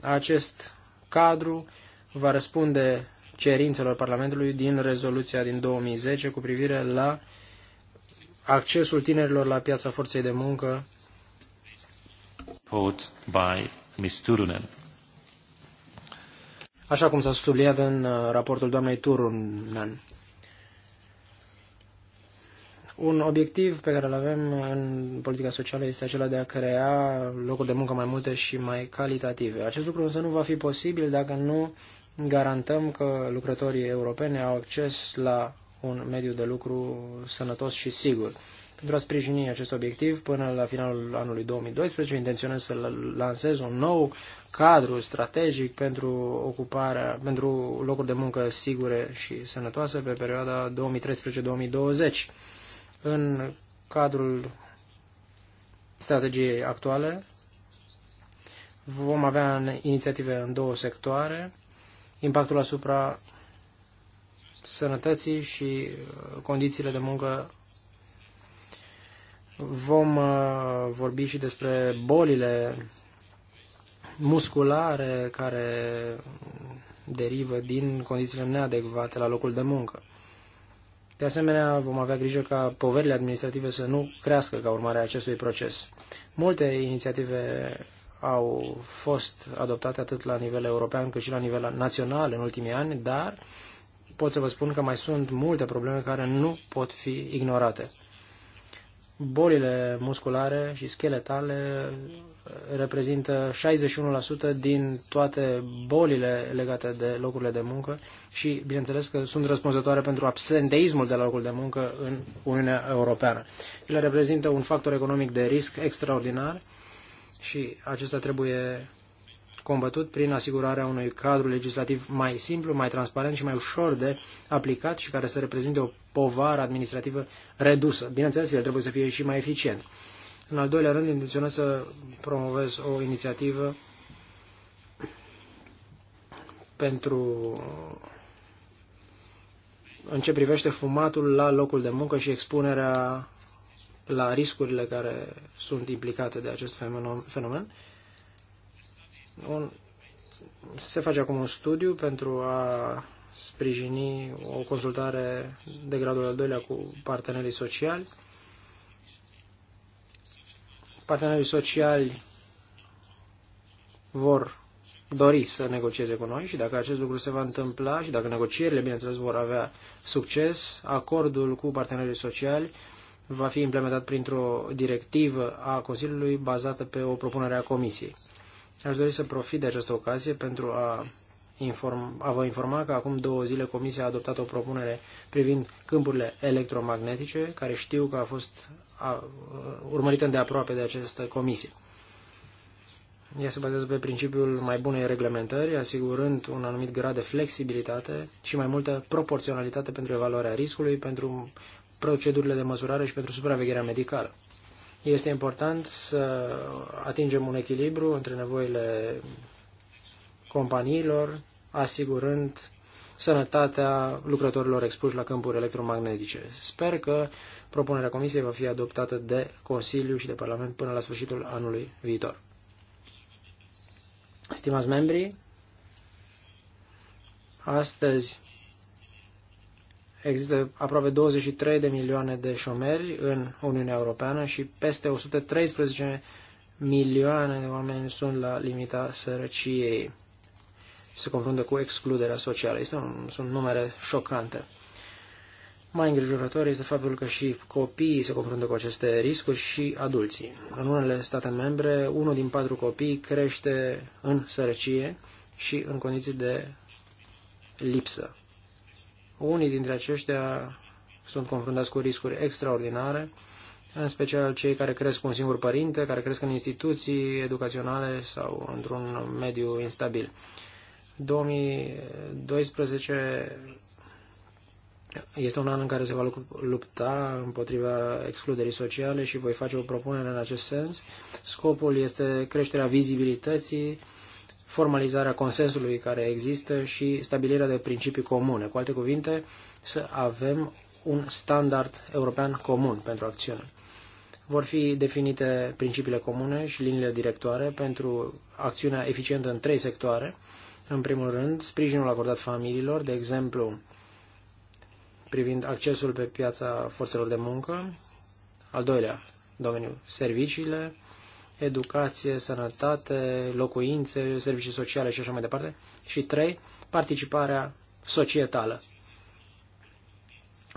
Acest cadru va răspunde cerințelor Parlamentului din rezoluția din 2010 cu privire la accesul tinerilor la piața forței de muncă. By Ms așa cum s-a subliniat în uh, raportul doamnei Turunan. Un obiectiv pe care îl avem în politica socială este acela de a crea locuri de muncă mai multe și mai calitative. Acest lucru însă nu va fi posibil dacă nu garantăm că lucrătorii europeni au acces la un mediu de lucru sănătos și sigur. Pentru a sprijini acest obiectiv, până la finalul anului 2012, intenționez să lansez un nou cadru strategic pentru ocuparea, pentru locuri de muncă sigure și sănătoase pe perioada 2013-2020. În cadrul strategiei actuale vom avea în inițiative în două sectoare, impactul asupra sănătății și uh, condițiile de muncă Vom uh, vorbi și despre bolile musculare care derivă din condițiile neadecvate la locul de muncă. De asemenea, vom avea grijă ca poverile administrative să nu crească ca urmare a acestui proces. Multe inițiative au fost adoptate atât la nivel european cât și la nivel național în ultimii ani, dar pot să vă spun că mai sunt multe probleme care nu pot fi ignorate bolile musculare și scheletale uh, reprezintă 61% din toate bolile legate de locurile de muncă și, bineînțeles, că sunt răspunzătoare pentru absenteismul de la locul de muncă în Uniunea Europeană. Ele reprezintă un factor economic de risc extraordinar și acesta trebuie combătut prin asigurarea unui cadru legislativ mai simplu, mai transparent și mai ușor de aplicat și care să reprezinte o povară administrativă redusă. Bineînțeles, el trebuie să fie și mai eficient. În al doilea rând, intenționez să promovez o inițiativă pentru în ce privește fumatul la locul de muncă și expunerea la riscurile care sunt implicate de acest fenomen un, se face acum un studiu pentru a sprijini o consultare de gradul al doilea cu partenerii sociali. Partenerii sociali vor dori să negocieze cu noi și dacă acest lucru se va întâmpla și dacă negocierile, bineînțeles, vor avea succes, acordul cu partenerii sociali va fi implementat printr-o directivă a Consiliului bazată pe o propunere a Comisiei și aș dori să profit de această ocazie pentru a, inform, a vă informa că acum două zile Comisia a adoptat o propunere privind câmpurile electromagnetice, care știu că a fost a, a, urmărită de aproape de această comisie. Ea se bazează pe principiul mai bunei reglementări, asigurând un anumit grad de flexibilitate și mai multă proporționalitate pentru evaluarea riscului, pentru procedurile de măsurare și pentru supravegherea medicală. Este important să atingem un echilibru între nevoile companiilor, asigurând sănătatea lucrătorilor expuși la câmpuri electromagnetice. Sper că propunerea Comisiei va fi adoptată de Consiliu și de Parlament până la sfârșitul anului viitor. Stimați membri, astăzi Există aproape 23 de milioane de șomeri în Uniunea Europeană și peste 113 milioane de oameni sunt la limita sărăciei și se confruntă cu excluderea socială. Este un, sunt numere șocante. Mai îngrijorător este faptul că și copiii se confruntă cu aceste riscuri și adulții. În unele state membre, unul din patru copii crește în sărăcie și în condiții de lipsă. Unii dintre aceștia sunt confruntați cu riscuri extraordinare, în special cei care cresc cu un singur părinte, care cresc în instituții educaționale sau într-un mediu instabil. 2012 este un an în care se va lupta împotriva excluderii sociale și voi face o propunere în acest sens. Scopul este creșterea vizibilității formalizarea consensului care există și stabilirea de principii comune. Cu alte cuvinte, să avem un standard european comun pentru acțiune. Vor fi definite principiile comune și liniile directoare pentru acțiunea eficientă în trei sectoare. În primul rând, sprijinul acordat familiilor, de exemplu, privind accesul pe piața forțelor de muncă. Al doilea domeniu, serviciile educație, sănătate, locuințe, servicii sociale și așa mai departe. Și trei, participarea societală.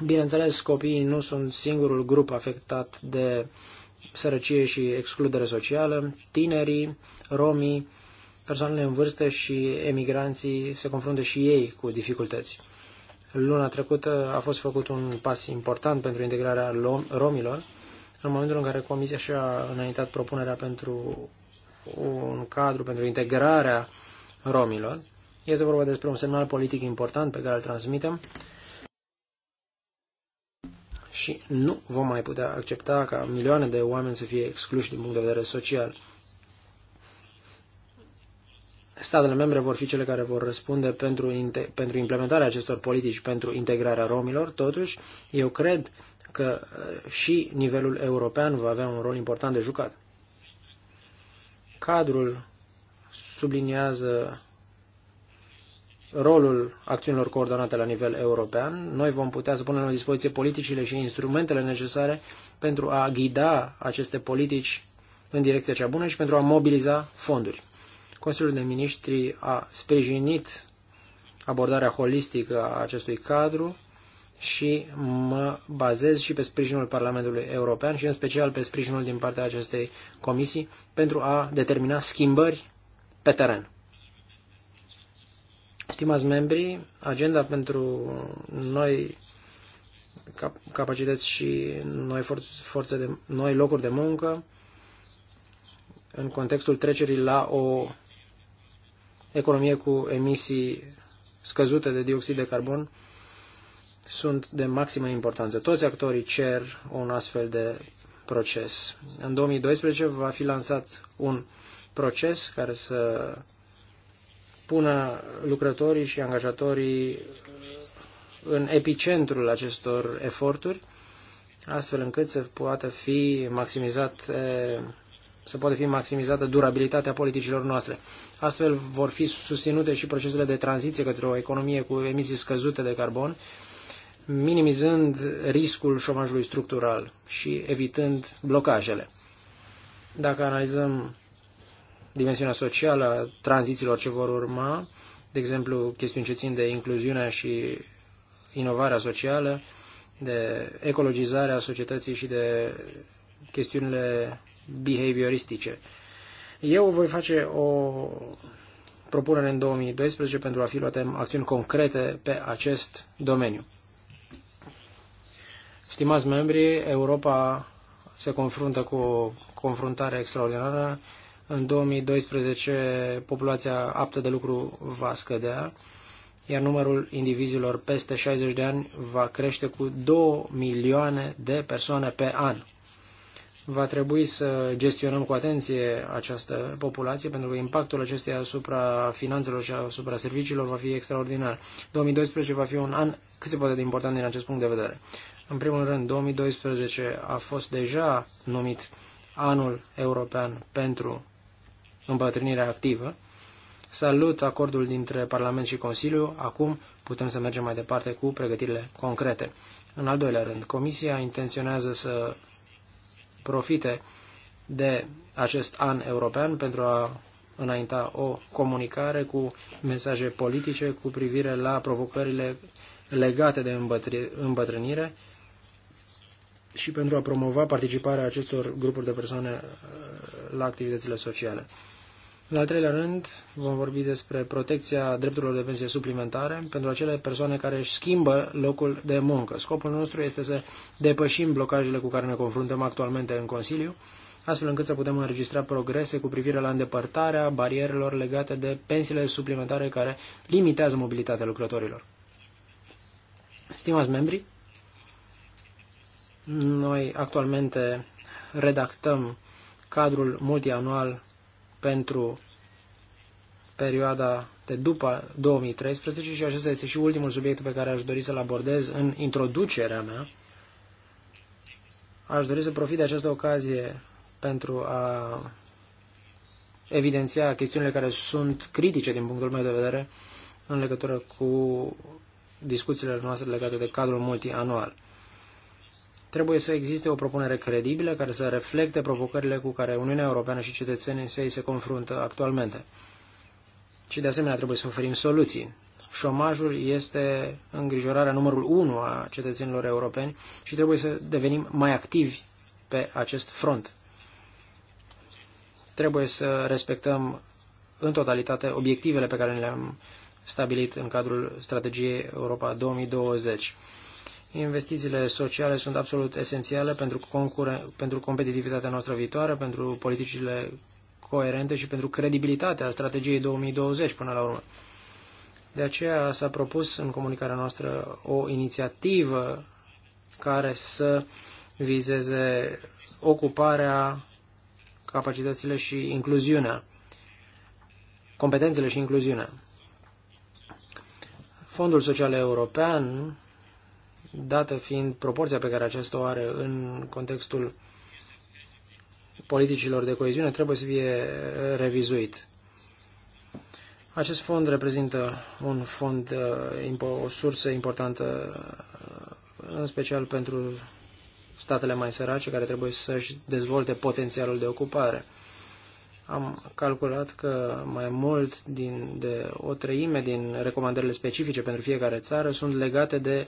Bineînțeles, copiii nu sunt singurul grup afectat de sărăcie și excludere socială. Tinerii, romii, persoanele în vârstă și emigranții se confruntă și ei cu dificultăți. Luna trecută a fost făcut un pas important pentru integrarea romilor în momentul în care Comisia și-a înaintat propunerea pentru un cadru pentru integrarea romilor, este vorba despre un semnal politic important pe care îl transmitem și nu vom mai putea accepta ca milioane de oameni să fie excluși din punct de vedere social. Statele membre vor fi cele care vor răspunde pentru, pentru implementarea acestor politici, pentru integrarea romilor. Totuși, eu cred că uh, și nivelul european va avea un rol important de jucat. Cadrul subliniază rolul acțiunilor coordonate la nivel european. Noi vom putea să punem la dispoziție politicile și instrumentele necesare pentru a ghida aceste politici în direcția cea bună și pentru a mobiliza fonduri. Consiliul de Ministri a sprijinit abordarea holistică a acestui cadru și mă bazez și pe sprijinul Parlamentului European și în special pe sprijinul din partea acestei comisii pentru a determina schimbări pe teren. Stimați membri, agenda pentru noi capacități și noi forțe de, noi locuri de muncă în contextul trecerii la o economie cu emisii scăzute de dioxid de carbon sunt de maximă importanță. Toți actorii cer un astfel de proces. În 2012 va fi lansat un proces care să pună lucrătorii și angajatorii în epicentrul acestor eforturi, astfel încât să poată fi maximizat să poate fi maximizată durabilitatea politicilor noastre. Astfel vor fi susținute și procesele de tranziție către o economie cu emisii scăzute de carbon, minimizând riscul șomajului structural și evitând blocajele. Dacă analizăm dimensiunea socială a tranzițiilor ce vor urma, de exemplu, chestiuni ce țin de incluziunea și inovarea socială, de ecologizarea societății și de chestiunile behavioristice. Eu voi face o propunere în 2012 pentru a fi luate acțiuni concrete pe acest domeniu. Stimați membri, Europa se confruntă cu o confruntare extraordinară. În 2012, populația aptă de lucru va scădea, iar numărul indivizilor peste 60 de ani va crește cu 2 milioane de persoane pe an. Va trebui să gestionăm cu atenție această populație, pentru că impactul acesteia asupra finanțelor și asupra serviciilor va fi extraordinar. 2012 va fi un an cât se poate de important din acest punct de vedere. În primul rând, 2012 a fost deja numit anul european pentru îmbătrânirea activă. Salut acordul dintre Parlament și Consiliu. Acum putem să mergem mai departe cu pregătirile concrete. În al doilea rând, Comisia intenționează să profite de acest an european pentru a înainta o comunicare cu mesaje politice cu privire la provocările legate de îmbătrânire și pentru a promova participarea acestor grupuri de persoane uh, la activitățile sociale. În al treilea rând, vom vorbi despre protecția drepturilor de pensie suplimentare pentru acele persoane care își schimbă locul de muncă. Scopul nostru este să depășim blocajele cu care ne confruntăm actualmente în Consiliu, astfel încât să putem înregistra progrese cu privire la îndepărtarea barierelor legate de pensiile suplimentare care limitează mobilitatea lucrătorilor. Stimați membri, noi actualmente redactăm cadrul multianual pentru perioada de după 2013 și acesta este și ultimul subiect pe care aș dori să-l abordez în introducerea mea. Aș dori să profit de această ocazie pentru a evidenția chestiunile care sunt critice din punctul meu de vedere în legătură cu discuțiile noastre legate de cadrul multianual. Trebuie să existe o propunere credibilă care să reflecte provocările cu care Uniunea Europeană și cetățenii săi se confruntă actualmente. Și de asemenea trebuie să oferim soluții. Șomajul este îngrijorarea numărul 1 a cetățenilor europeni și trebuie să devenim mai activi pe acest front. Trebuie să respectăm în totalitate obiectivele pe care le-am stabilit în cadrul strategiei Europa 2020. Investițiile sociale sunt absolut esențiale pentru, pentru competitivitatea noastră viitoare, pentru politicile coerente și pentru credibilitatea strategiei 2020 până la urmă. De aceea s-a propus în comunicarea noastră o inițiativă care să vizeze ocuparea, capacitățile și incluziunea, competențele și incluziunea. Fondul Social European dată fiind proporția pe care acesta o are în contextul politicilor de coeziune, trebuie să fie revizuit. Acest fond reprezintă un fond, uh, o sursă importantă, uh, în special pentru statele mai sărace, care trebuie să-și dezvolte potențialul de ocupare. Am calculat că mai mult din, de o treime din recomandările specifice pentru fiecare țară sunt legate de uh,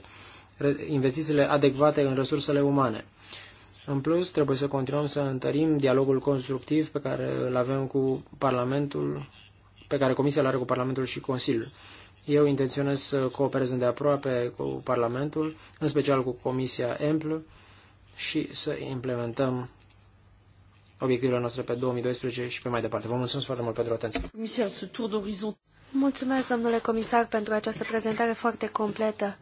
investițiile adecvate în resursele umane. În plus, trebuie să continuăm să întărim dialogul constructiv pe care îl avem cu Parlamentul, pe care Comisia îl are cu Parlamentul și Consiliul. Eu intenționez să cooperez îndeaproape cu Parlamentul, în special cu Comisia Emplu, și să implementăm obiectivele noastre pe 2012 și pe mai departe. Vă mulțumesc foarte mult pentru atenție. Mulțumesc, domnule comisar, pentru această prezentare foarte completă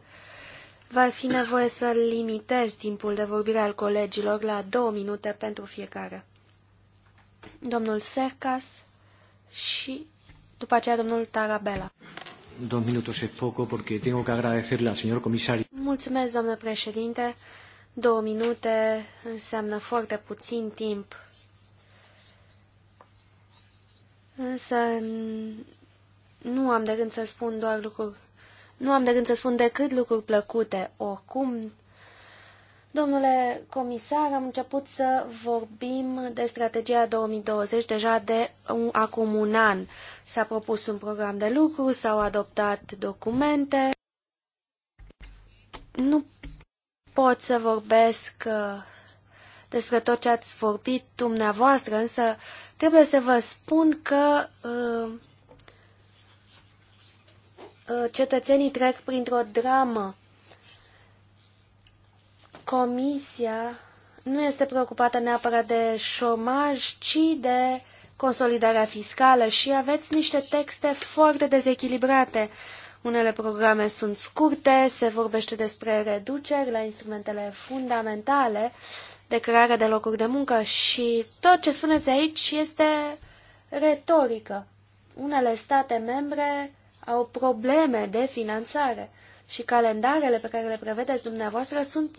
va fi nevoie să limitez timpul de vorbire al colegilor la două minute pentru fiecare. Domnul Sercas și după aceea domnul Tarabella. Două minute și poco, porque tengo que agradecerle al señor comisario. Mulțumesc, domnule președinte. Două minute înseamnă foarte puțin timp. Însă nu am de gând să spun doar lucruri nu am de gând să spun decât lucruri plăcute, oricum. Domnule comisar, am început să vorbim de strategia 2020 deja de un, acum un an. S-a propus un program de lucru, s-au adoptat documente. Nu pot să vorbesc uh, despre tot ce ați vorbit dumneavoastră, însă trebuie să vă spun că uh, Uh, cetățenii trec printr-o dramă. Comisia nu este preocupată neapărat de șomaj, ci de consolidarea fiscală și aveți niște texte foarte dezechilibrate. Unele programe sunt scurte, se vorbește despre reduceri la instrumentele fundamentale de creare de locuri de muncă și tot ce spuneți aici este retorică. Unele state membre au probleme de finanțare și calendarele pe care le prevedeți dumneavoastră sunt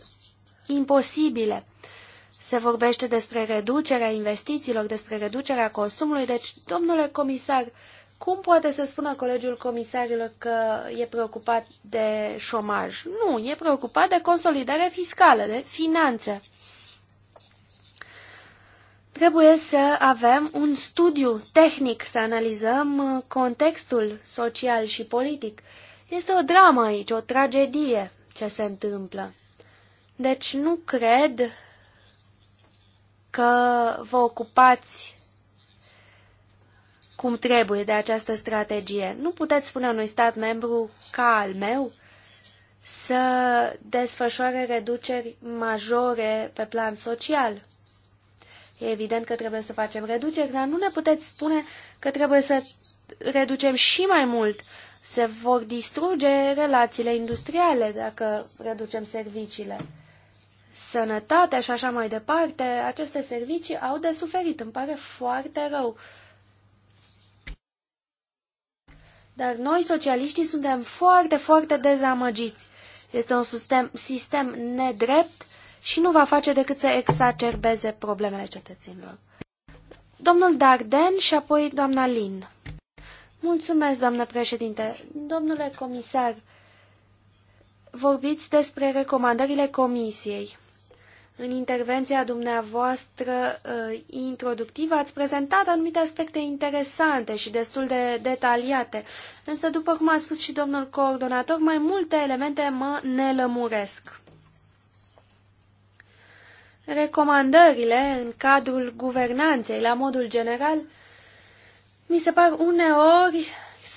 imposibile. Se vorbește despre reducerea investițiilor, despre reducerea consumului, deci, domnule comisar, cum poate să spună colegiul comisarilor că e preocupat de șomaj? Nu, e preocupat de consolidare fiscală, de finanțe. Trebuie să avem un studiu tehnic, să analizăm uh, contextul social și politic. Este o dramă aici, o tragedie ce se întâmplă. Deci nu cred că vă ocupați cum trebuie de această strategie. Nu puteți spune unui stat membru ca al meu să desfășoare reduceri majore pe plan social. E evident că trebuie să facem reduceri, dar nu ne puteți spune că trebuie să reducem și mai mult. Se vor distruge relațiile industriale dacă reducem serviciile. Sănătatea și așa mai departe, aceste servicii au de suferit. Îmi pare foarte rău. Dar noi, socialiștii, suntem foarte, foarte dezamăgiți. Este un sistem, sistem nedrept și nu va face decât să exacerbeze problemele cetățenilor. Domnul Darden și apoi doamna Lin. Mulțumesc, doamnă președinte. Domnule comisar, vorbiți despre recomandările comisiei. În intervenția dumneavoastră uh, introductivă ați prezentat anumite aspecte interesante și destul de detaliate, însă, după cum a spus și domnul coordonator, mai multe elemente mă nelămuresc recomandările în cadrul guvernanței, la modul general, mi se par uneori,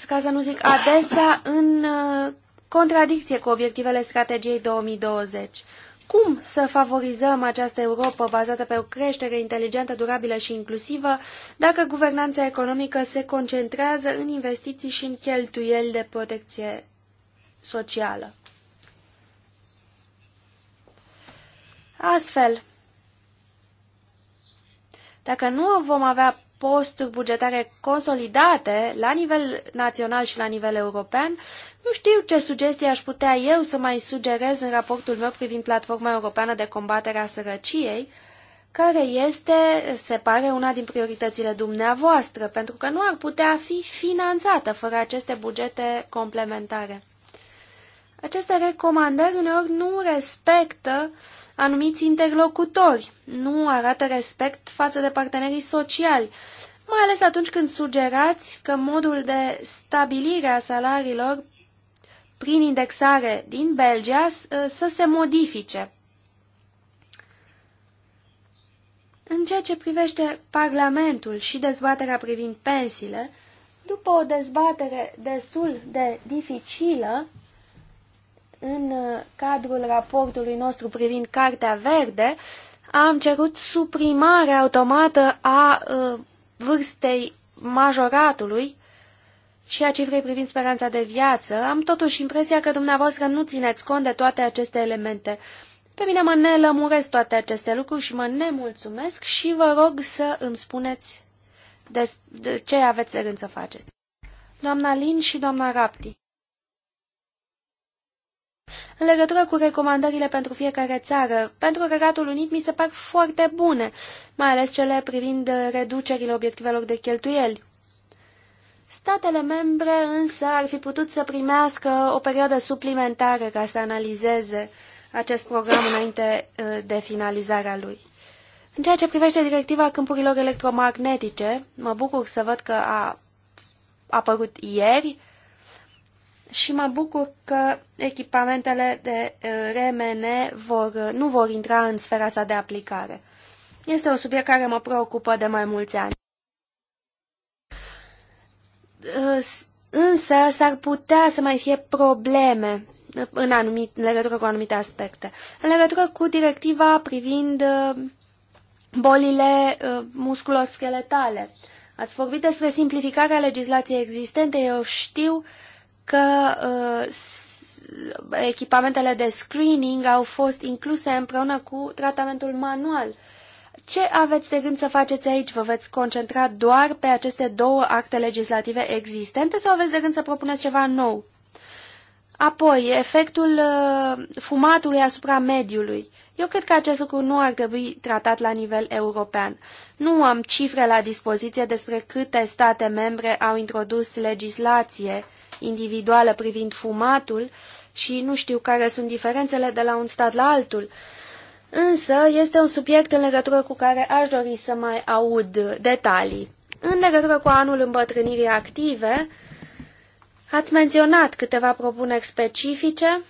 ca să nu zic adesea, în uh, contradicție cu obiectivele strategiei 2020. Cum să favorizăm această Europa bazată pe o creștere inteligentă, durabilă și inclusivă, dacă guvernanța economică se concentrează în investiții și în cheltuieli de protecție socială? Astfel, dacă nu vom avea posturi bugetare consolidate la nivel național și la nivel european, nu știu ce sugestii aș putea eu să mai sugerez în raportul meu privind Platforma Europeană de Combatere a Sărăciei, care este, se pare, una din prioritățile dumneavoastră, pentru că nu ar putea fi finanțată fără aceste bugete complementare. Aceste recomandări uneori nu respectă uh, anumiți interlocutori, nu arată respect față de partenerii sociali, mai ales atunci când sugerați că modul de stabilire a salariilor prin indexare din Belgia ă, să se modifice. În ceea ce privește Parlamentul și dezbaterea privind pensiile, după o dezbatere destul de dificilă, în uh, cadrul raportului nostru privind Cartea Verde, am cerut suprimarea automată a uh, vârstei majoratului și a cifrei privind speranța de viață, am totuși impresia că dumneavoastră nu țineți cont de toate aceste elemente. Pe mine mă nelămuresc toate aceste lucruri și mă nemulțumesc și vă rog să îmi spuneți de ce aveți de gând să faceți. Doamna Lin și doamna Rapti în legătură cu recomandările pentru fiecare țară. Pentru Regatul Unit mi se par foarte bune, mai ales cele privind reducerile obiectivelor de cheltuieli. Statele membre însă ar fi putut să primească o perioadă suplimentară ca să analizeze acest program înainte uh, de finalizarea lui. În ceea ce privește directiva câmpurilor electromagnetice, mă bucur să văd că a apărut ieri, și mă bucur că echipamentele de eh, RMN vor, eh, nu vor intra în sfera sa de aplicare. Este un subiect care mă preocupă de mai mulți ani. Eh, însă s-ar putea să mai fie probleme în, anumit, în legătură cu anumite aspecte. În legătură cu directiva privind bolile musculoscheletale. Ați vorbit despre simplificarea legislației existente, eu știu, uh, că uh, echipamentele de screening au fost incluse împreună cu tratamentul manual. Ce aveți de gând să faceți aici? Vă veți concentra doar pe aceste două acte legislative existente sau aveți de gând să propuneți ceva nou? Apoi, efectul uh, fumatului asupra mediului. Eu cred că acest lucru nu ar trebui tratat la nivel european. Nu am cifre la dispoziție despre câte state membre au introdus legislație individuală privind fumatul și nu știu care sunt diferențele de la un stat la altul. Însă este un subiect în legătură cu care aș dori să mai aud detalii. În legătură cu anul îmbătrânirii active, ați menționat câteva propuneri specifice.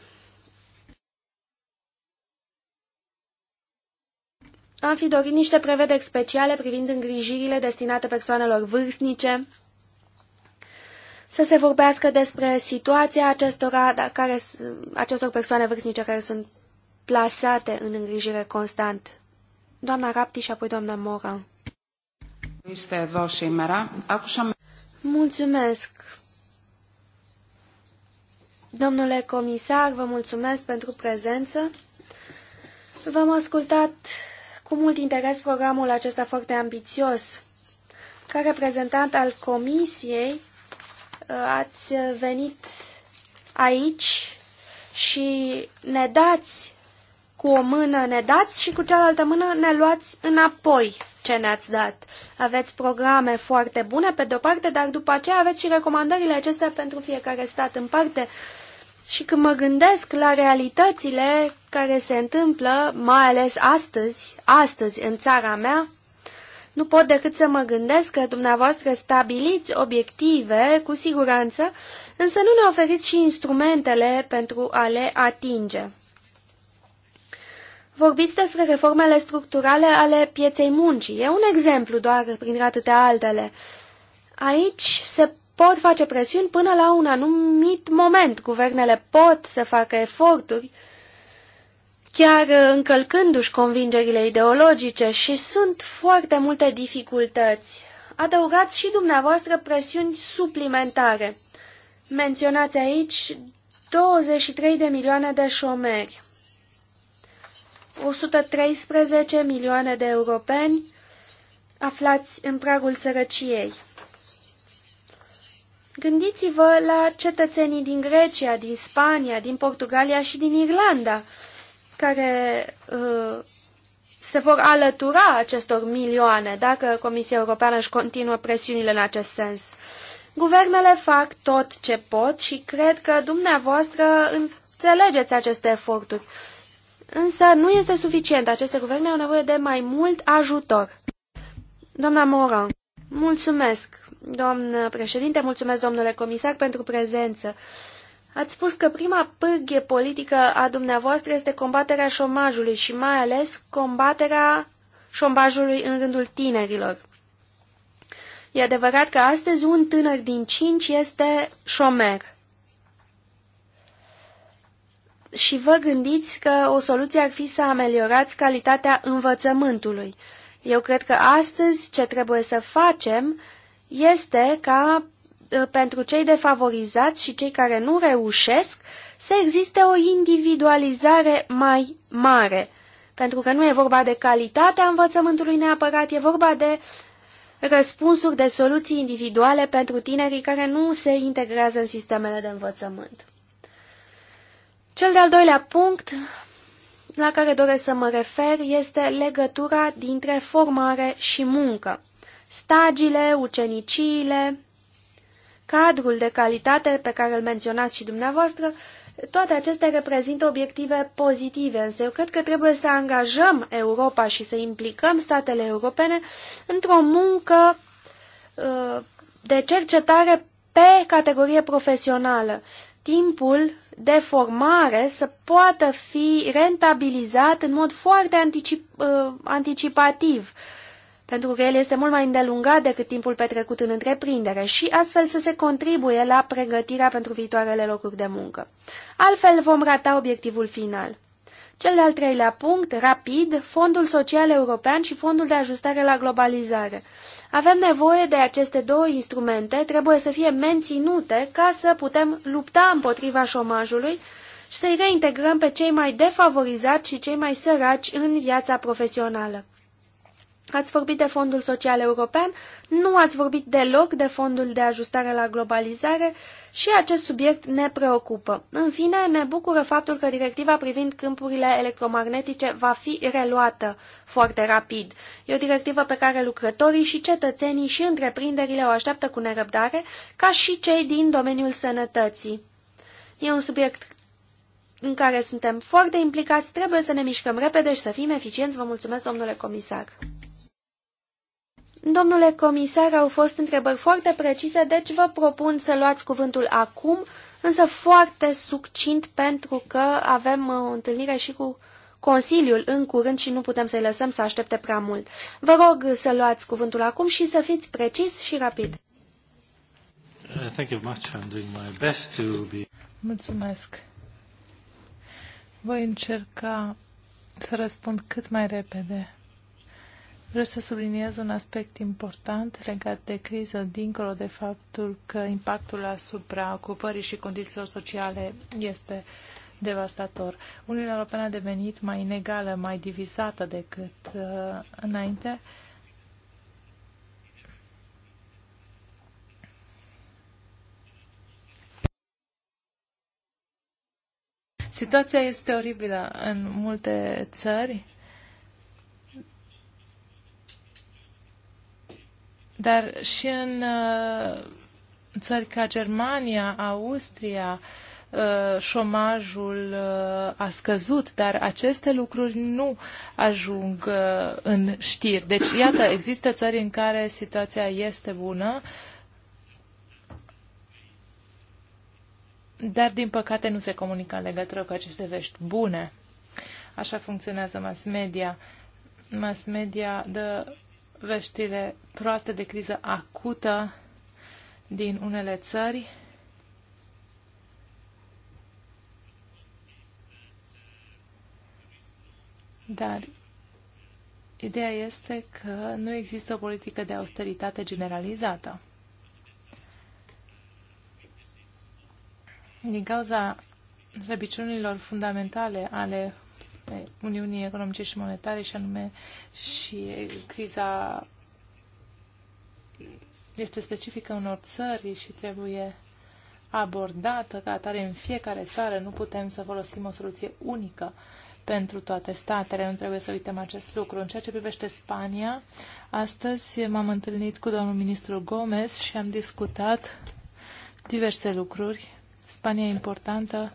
Am fi dorit niște prevederi speciale privind îngrijirile destinate persoanelor vârstnice, să se vorbească despre situația acestora, care, acestor persoane vârstnice care sunt plasate în îngrijire constant. Doamna Rapti și apoi doamna Mora. Mulțumesc! Domnule comisar, vă mulțumesc pentru prezență. V-am ascultat cu mult interes programul acesta foarte ambițios. Ca reprezentant al comisiei, ați venit aici și ne dați cu o mână ne dați și cu cealaltă mână ne luați înapoi ce ne-ați dat. Aveți programe foarte bune pe de-o parte, dar după aceea aveți și recomandările acestea pentru fiecare stat în parte. Și când mă gândesc la realitățile care se întâmplă, mai ales astăzi, astăzi în țara mea, nu pot decât să mă gândesc că dumneavoastră stabiliți obiective, cu siguranță, însă nu ne oferiți și instrumentele pentru a le atinge. Vorbiți despre reformele structurale ale pieței muncii. E un exemplu doar printre atâtea altele. Aici se pot face presiuni până la un anumit moment. Guvernele pot să facă eforturi chiar uh, încălcându-și convingerile ideologice și sunt foarte multe dificultăți. Adăugați și dumneavoastră presiuni suplimentare. Menționați aici 23 de milioane de șomeri, 113 milioane de europeni aflați în pragul sărăciei. Gândiți-vă la cetățenii din Grecia, din Spania, din Portugalia și din Irlanda, care uh, se vor alătura acestor milioane dacă Comisia Europeană își continuă presiunile în acest sens. Guvernele fac tot ce pot și cred că dumneavoastră înțelegeți aceste eforturi. Însă nu este suficient. Aceste guverne au nevoie de mai mult ajutor. Doamna Moran, mulțumesc, doamnă președinte, mulțumesc, domnule comisar, pentru prezență. Ați spus că prima pârghie politică a dumneavoastră este combaterea șomajului și mai ales combaterea șomajului în rândul tinerilor. E adevărat că astăzi un tânăr din cinci este șomer. Și vă gândiți că o soluție ar fi să ameliorați calitatea învățământului. Eu cred că astăzi ce trebuie să facem este ca Eh, pentru cei defavorizați și cei care nu reușesc să existe o individualizare mai mare. Pentru că nu e vorba de calitatea învățământului neapărat, e vorba de răspunsuri, de soluții individuale pentru tinerii care nu se integrează în sistemele de învățământ. Cel de-al doilea punct la care doresc să mă refer este legătura dintre formare și muncă. Stagiile, uceniciile, cadrul de calitate pe care îl menționați și dumneavoastră, toate acestea reprezintă obiective pozitive, însă eu cred că trebuie să angajăm Europa și să implicăm statele europene într-o muncă uh, de cercetare pe categorie profesională. Timpul de formare să poată fi rentabilizat în mod foarte anticip, uh, anticipativ pentru că el este mult mai îndelungat decât timpul petrecut în întreprindere și astfel să se contribuie la pregătirea pentru viitoarele locuri de muncă. Altfel vom rata obiectivul final. Cel de-al treilea punct, rapid, Fondul Social European și Fondul de Ajustare la Globalizare. Avem nevoie de aceste două instrumente, trebuie să fie menținute ca să putem lupta împotriva șomajului și să-i reintegrăm pe cei mai defavorizați și cei mai săraci în viața profesională. Ați vorbit de Fondul Social European, nu ați vorbit deloc de Fondul de Ajustare la Globalizare și acest subiect ne preocupă. În fine, ne bucură faptul că directiva privind câmpurile electromagnetice va fi reluată foarte rapid. E o directivă pe care lucrătorii și cetățenii și întreprinderile o așteaptă cu nerăbdare, ca și cei din domeniul sănătății. E un subiect în care suntem foarte implicați, trebuie să ne mișcăm repede și să fim eficienți. Vă mulțumesc, domnule comisar! Domnule comisar, au fost întrebări foarte precise, deci vă propun să luați cuvântul acum, însă foarte succint pentru că avem uh, o întâlnire și cu Consiliul în curând și nu putem să-i lăsăm să aștepte prea mult. Vă rog să luați cuvântul acum și să fiți precis și rapid. Mulțumesc. Voi încerca să răspund cât mai repede. Vreau să subliniez un aspect important legat de criză, dincolo de faptul că impactul asupra ocupării și condițiilor sociale este devastator. Uniunea Europeană a devenit mai inegală, mai divizată decât uh, înainte. Situația este oribilă în multe țări Dar și în uh, țări ca Germania, Austria, uh, șomajul uh, a scăzut, dar aceste lucruri nu ajung în știri. Deci, iată, există țări în care situația este bună, dar, din păcate, nu se comunică în legătură cu aceste vești bune. Așa funcționează mass media. Mass media dă veștile proaste de criză acută din unele țări. Dar ideea este că nu există o politică de austeritate generalizată. Din cauza slăbiciunilor fundamentale ale Uniunii Economice și Monetare și anume și criza este specifică unor țări și trebuie abordată ca atare în fiecare țară. Nu putem să folosim o soluție unică pentru toate statele. Nu trebuie să uităm acest lucru. În ceea ce privește Spania, astăzi m-am întâlnit cu domnul ministru Gomez și am discutat diverse lucruri. Spania e importantă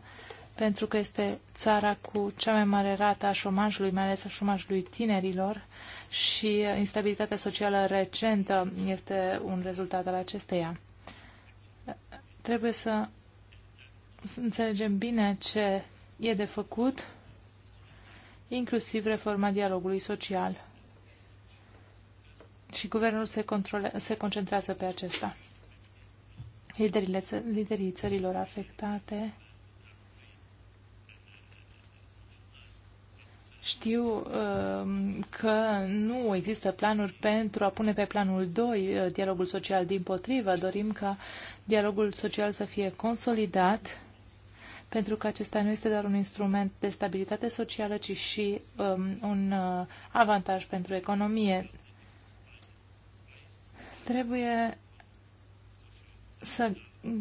pentru că este țara cu cea mai mare rată a șomajului, mai ales a șomajului tinerilor și instabilitatea socială recentă este un rezultat al acesteia. Trebuie să înțelegem bine ce e de făcut, inclusiv reforma dialogului social. Și guvernul se, controle, se concentrează pe acesta. Liderile, liderii țărilor afectate Știu um, că nu există planuri pentru a pune pe planul 2 uh, dialogul social din potrivă. Dorim ca dialogul social să fie consolidat pentru că acesta nu este doar un instrument de stabilitate socială, ci și um, un uh, avantaj pentru economie. Trebuie să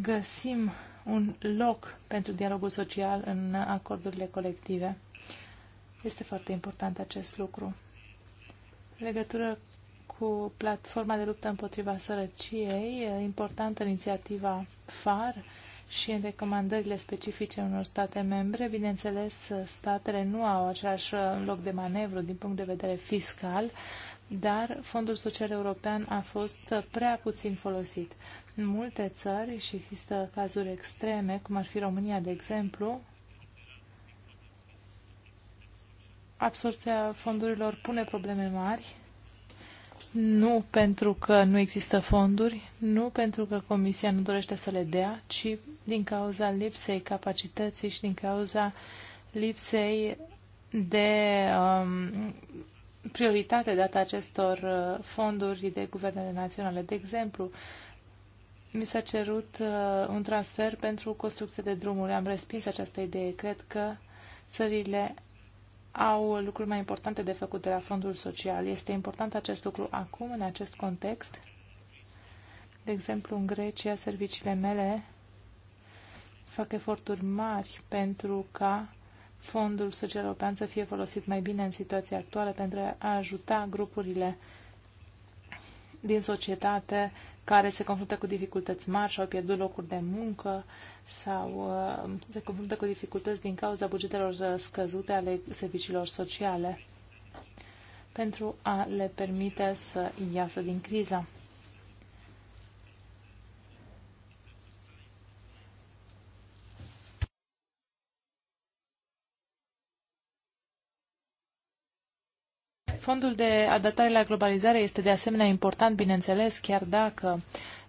găsim un loc pentru dialogul social în acordurile colective. Este foarte important acest lucru. În legătură cu platforma de luptă împotriva sărăciei, importantă inițiativa FAR și în recomandările specifice unor state membre, bineînțeles, statele nu au același loc de manevră din punct de vedere fiscal, dar Fondul Social European a fost prea puțin folosit. În multe țări, și există cazuri extreme, cum ar fi România, de exemplu, absorbția fondurilor pune probleme mari. Nu pentru că nu există fonduri, nu pentru că Comisia nu dorește să le dea, ci din cauza lipsei capacității și din cauza lipsei de um, prioritate dată acestor uh, fonduri de guvernele naționale. De exemplu, mi s-a cerut uh, un transfer pentru construcție de drumuri. Am respins această idee. Cred că țările au lucruri mai importante de făcut de la fondul social. Este important acest lucru acum, în acest context. De exemplu, în Grecia, serviciile mele fac eforturi mari pentru ca fondul social european să fie folosit mai bine în situația actuală pentru a ajuta grupurile din societate care se confruntă cu dificultăți mari și au pierdut locuri de muncă sau uh, se confruntă cu dificultăți din cauza bugetelor uh, scăzute ale serviciilor sociale pentru a le permite să iasă din criză. Fondul de adaptare la globalizare este de asemenea important, bineînțeles, chiar dacă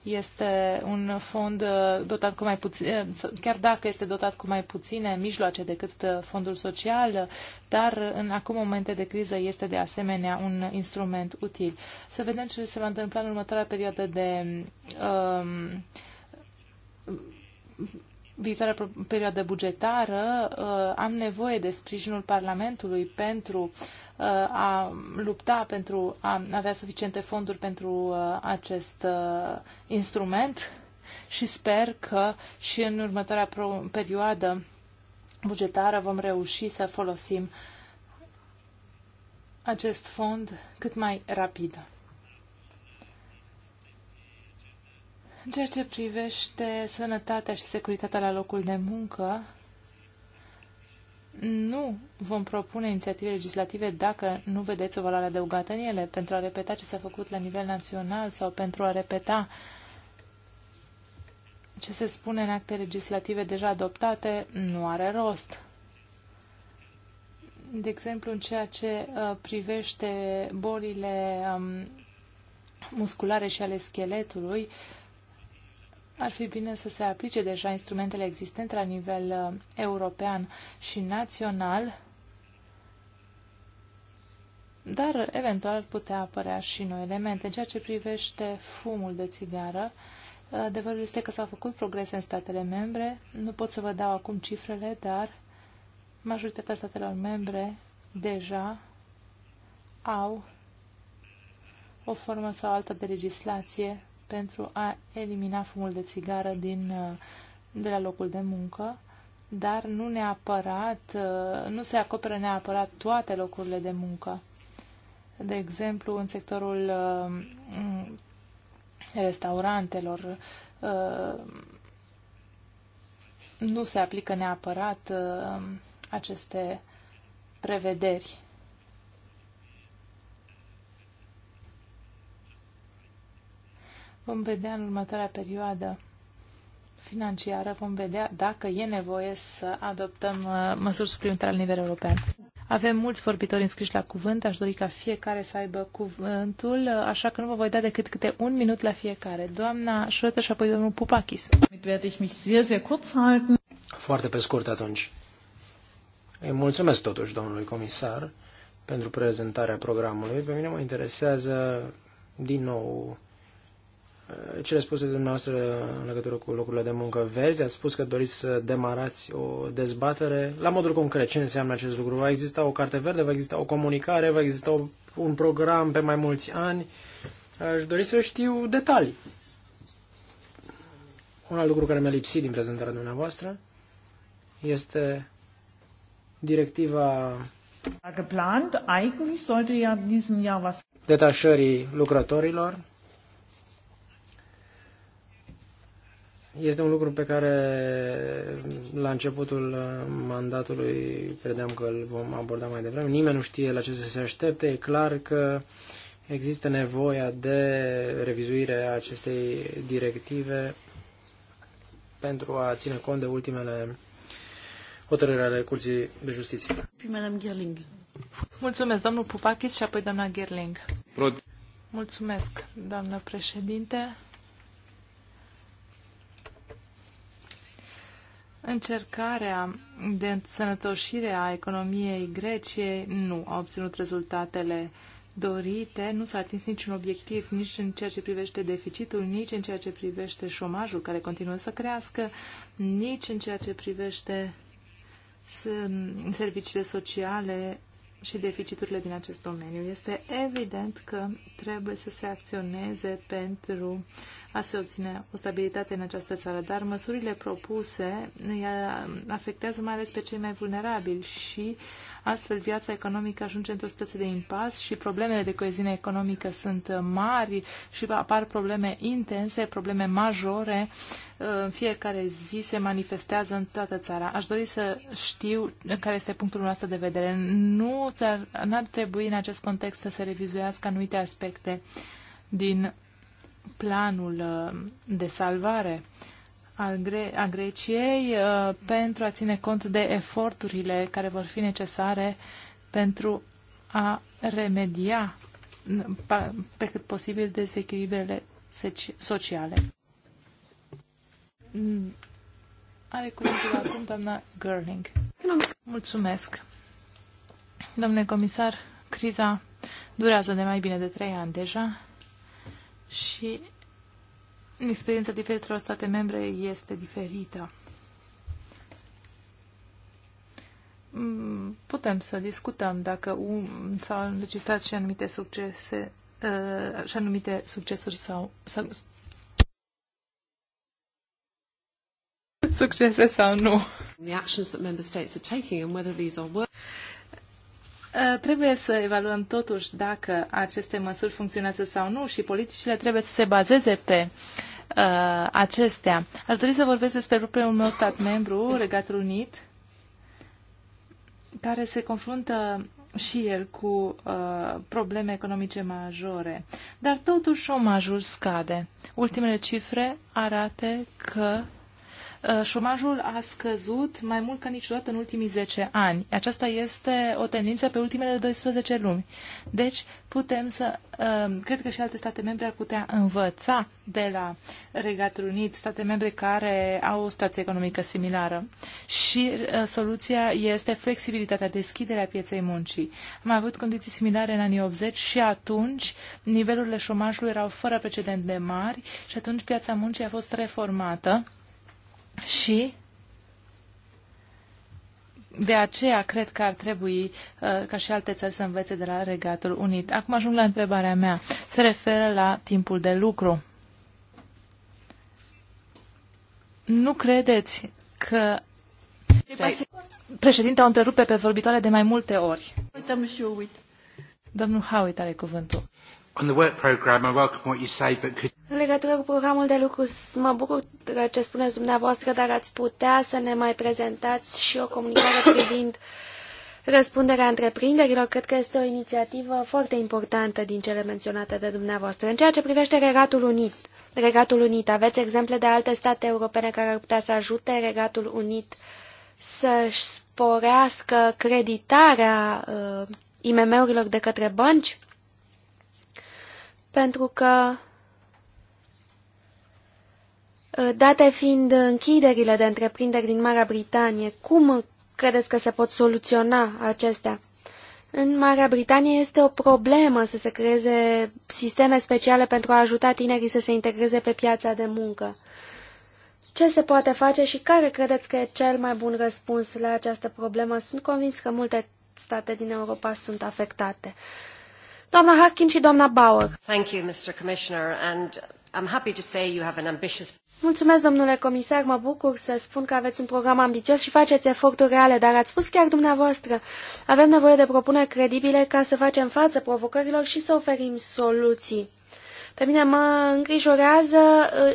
este un fond uh, dotat cu mai puține, uh, chiar dacă este dotat cu mai puține mijloace decât uh, fondul social, dar în acum momente de criză este de asemenea un instrument util. Să vedem ce se va întâmpla în următoarea perioadă de um, viitoarea perioadă bugetară. Uh, am nevoie de sprijinul Parlamentului pentru uh, a lupta pentru a avea suficiente fonduri pentru uh, acest uh, instrument și sper că și în următoarea perioadă bugetară vom reuși să folosim acest fond cât mai rapid. În ceea ce privește sănătatea și securitatea la locul de muncă, nu vom propune inițiative legislative dacă nu vedeți o valoare adăugată în ele, pentru a repeta ce s-a făcut la nivel național sau pentru a repeta ce se spune în acte legislative deja adoptate, nu are rost. De exemplu, în ceea ce uh, privește bolile um, musculare și ale scheletului, uh, ar fi bine să se aplice deja instrumentele existente la nivel uh, european și național, dar eventual putea apărea și noi elemente. În ceea ce privește fumul de țigară, uh, adevărul este că s-au făcut progrese în statele membre. Nu pot să vă dau acum cifrele, dar majoritatea statelor membre deja au o formă sau alta de legislație pentru a elimina fumul de țigară din, uh, de la locul de muncă, dar nu neapărat, uh, nu se acoperă neapărat toate locurile de muncă. De exemplu, în sectorul uh, restaurantelor nu se aplică neapărat aceste prevederi. Vom vedea în următoarea perioadă financiară, vom vedea dacă e nevoie să adoptăm uh, măsuri suplimentare la nivel european. Avem mulți vorbitori înscriși la cuvânt, aș dori ca fiecare să aibă cuvântul, uh, așa că nu vă voi da decât câte un minut la fiecare. Doamna Schröter și apoi domnul Pupachis. Foarte pe scurt atunci. Îi mulțumesc totuși domnului comisar pentru prezentarea programului. Pe mine mă interesează din nou cele spuse de dumneavoastră în legătură cu locurile de muncă verzi. Ați spus că doriți să demarați o dezbatere. La modul concret, ce înseamnă acest lucru? Va exista o carte verde, va exista o comunicare, va exista o, un program pe mai mulți ani? Aș dori să știu detalii. Un alt lucru care mi-a lipsit din prezentarea dumneavoastră este directiva geplant, eigentlich sollte ja in diesem Jahr was detașării lucrătorilor Este un lucru pe care la începutul uh, mandatului credeam că îl vom aborda mai devreme. Nimeni nu știe la ce să se aștepte. E clar că există nevoia de revizuire a acestei directive pentru a ține cont de ultimele hotărâri ale Curții de Justiție. Mulțumesc, domnul Pupachis și apoi doamna Gerling. Mulțumesc, doamnă președinte. încercarea de sănătoșire a economiei Greciei nu a obținut rezultatele dorite, nu s-a atins niciun obiectiv nici în ceea ce privește deficitul, nici în ceea ce privește șomajul care continuă să crească, nici în ceea ce privește serviciile sociale și deficiturile din acest domeniu. Este evident că trebuie să se acționeze pentru a se obține o stabilitate în această țară, dar măsurile propuse afectează mai ales pe cei mai vulnerabili și Astfel, viața economică ajunge într-o situație de impas și problemele de coeziune economică sunt uh, mari și apar probleme intense, probleme majore. Uh, în fiecare zi se manifestează în toată țara. Aș dori să știu care este punctul nostru de vedere. Nu ar trebui în acest context să se revizuiască anumite aspecte din planul uh, de salvare a, Gre- a Greciei uh, pentru a ține cont de eforturile care vor fi necesare pentru a remedia pe cât posibil dezechilibrele sociale. Mm. Are cuvântul acum doamna Gerling. Mulțumesc. Domnule comisar, criza durează de mai bine de trei ani deja și experiența diferitelor state membre este diferită. Mm, putem să discutăm dacă s-au înregistrat și anumite succese uh, și anumite succesuri sau, sau succese sau nu. Uh, trebuie să evaluăm totuși dacă aceste măsuri funcționează sau nu și politicile trebuie să se bazeze pe uh, acestea. Aș dori să vorbesc despre propriul meu stat membru, Regatul Unit, care se confruntă și el cu uh, probleme economice majore. Dar totuși șomajul scade. Ultimele cifre arată că Uh, șomajul a scăzut mai mult ca niciodată în ultimii 10 ani. Aceasta este o tendință pe ultimele 12 luni. Deci putem să, uh, cred că și alte state membre ar putea învăța de la Regatul Unit, state membre care au o situație economică similară. Și uh, soluția este flexibilitatea, deschiderea pieței muncii. Am avut condiții similare în anii 80 și atunci nivelurile șomajului erau fără precedent de mari și atunci piața muncii a fost reformată și de aceea cred că ar trebui uh, ca și alte țări să învețe de la Regatul Unit. Acum ajung la întrebarea mea. Se referă la timpul de lucru. Nu credeți că președinte o întrerupe pe vorbitoare de mai multe ori. Domnul Howitt are cuvântul. On the work program, I welcome what you say, but could... În legătură cu programul de lucru, mă bucur ce spuneți dumneavoastră, dar ați putea să ne mai prezentați și o comunicare privind răspunderea întreprinderilor. Cred că este o inițiativă foarte importantă din cele menționate de dumneavoastră. În ceea ce privește Regatul Unit, Regatul Unit, aveți exemple de alte state europene care ar putea să ajute Regatul Unit să-și sporească creditarea uh, IMM-urilor de către bănci? Pentru că Eh, date fiind închiderile de întreprinderi din Marea Britanie, cum credeți că se pot soluționa acestea? În Marea Britanie este o problemă să se creeze sisteme speciale pentru a ajuta tinerii să se integreze pe piața de muncă. Ce se poate face și care credeți că e cel mai bun răspuns la această problemă? Sunt convins că multe state din Europa sunt afectate. Doamna Harkin și doamna Bauer. Thank you, Mr. Commissioner, and I'm happy to say you have an ambitious... Mulțumesc, domnule comisar, mă bucur să spun că aveți un program ambițios și faceți eforturi reale, dar ați spus chiar dumneavoastră, avem nevoie de propuneri credibile ca să facem față provocărilor și să oferim soluții. Pe mine mă îngrijorează uh,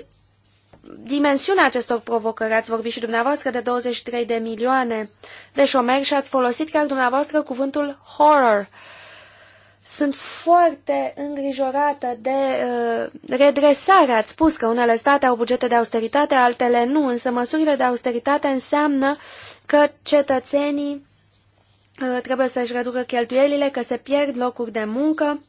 dimensiunea acestor provocări. Ați vorbit și dumneavoastră de 23 de milioane de șomeri și ați folosit chiar dumneavoastră cuvântul horror. Uh, sunt foarte îngrijorată de uh, redresare. Ați spus că unele state au bugete de austeritate, altele nu, însă măsurile de austeritate înseamnă că cetățenii uh, trebuie să-și reducă cheltuielile, că se pierd locuri de muncă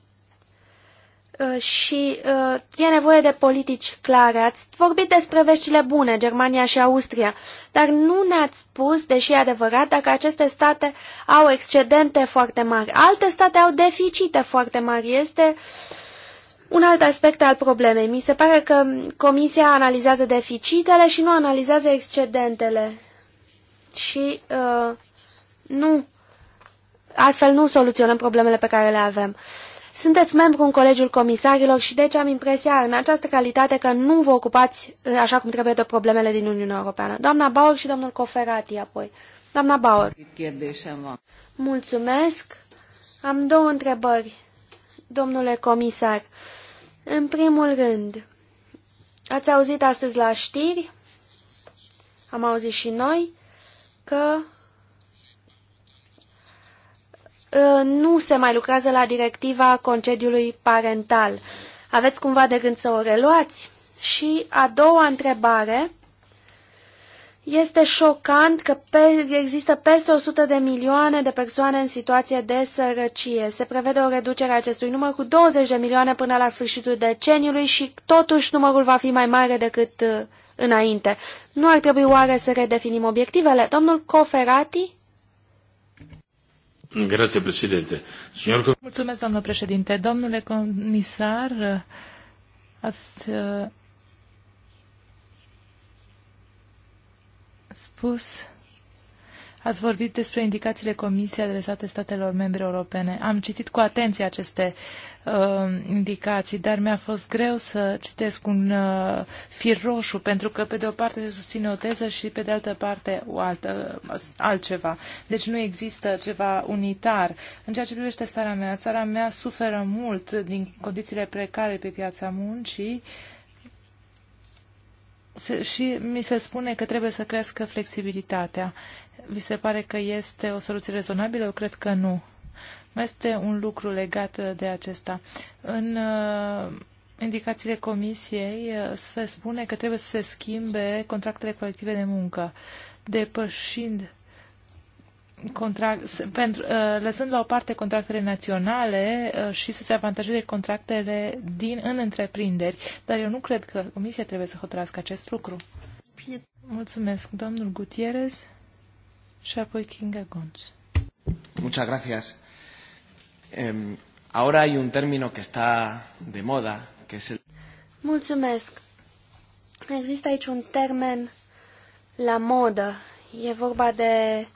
Uh, și uh, e nevoie de politici clare. Ați vorbit despre veștile bune, Germania și Austria, dar nu ne-ați spus, deși e adevărat, dacă aceste state au excedente foarte mari. Alte state au deficite foarte mari. Este un alt aspect al problemei. Mi se pare că Comisia analizează deficitele și nu analizează excedentele. Și uh, nu, astfel nu soluționăm problemele pe care le avem. Uh, sunteți membru în Colegiul Comisarilor și deci am impresia în această calitate că nu vă ocupați așa cum trebuie de problemele din Uniunea Europeană. Doamna Bauer și domnul Coferati apoi. Doamna Bauer. Mulțumesc. Am două întrebări, domnule comisar. În primul rând, ați auzit astăzi la știri, am auzit și noi, că Uh, nu se mai lucrează la directiva concediului parental. Aveți cumva de gând să o reluați? Și a doua întrebare, este șocant că pe, există peste 100 de milioane de persoane în situație de sărăcie. Se prevede o reducere a acestui număr cu 20 de milioane până la sfârșitul deceniului și totuși numărul va fi mai mare decât uh, înainte. Nu ar trebui oare să redefinim obiectivele? Domnul Coferati? Grazie, președinte. Signor... Mulțumesc, doamnă președinte. Domnule comisar, ați uh, spus, ați vorbit despre indicațiile Comisiei adresate statelor membre europene. Am citit cu atenție aceste uh, indicații, dar mi-a fost greu să citesc un uh, fir roșu, pentru că pe de o parte se susține o teză și pe de altă parte o altă, uh, altceva. Deci nu există ceva unitar. În ceea ce privește starea mea, țara mea suferă mult din condițiile precare pe piața muncii, se, și mi se spune că trebuie să crească flexibilitatea. Vi se pare că este o soluție rezonabilă? Eu cred că nu este un lucru legat uh, de acesta. În uh, indicațiile comisiei uh, se spune că trebuie să se schimbe contractele colective de muncă, depășind contract, pentru, lăsând la o parte contractele naționale și să se avantajeze contractele din, în întreprinderi. Dar eu nu cred că Comisia trebuie să hotărască acest lucru. Mulțumesc, domnul Gutierrez și apoi Kinga Gonț. Muchas gracias. Eh, ahora hay un término que está de moda, que es el... Mulțumesc. Există aici un termen la modă. E vorba de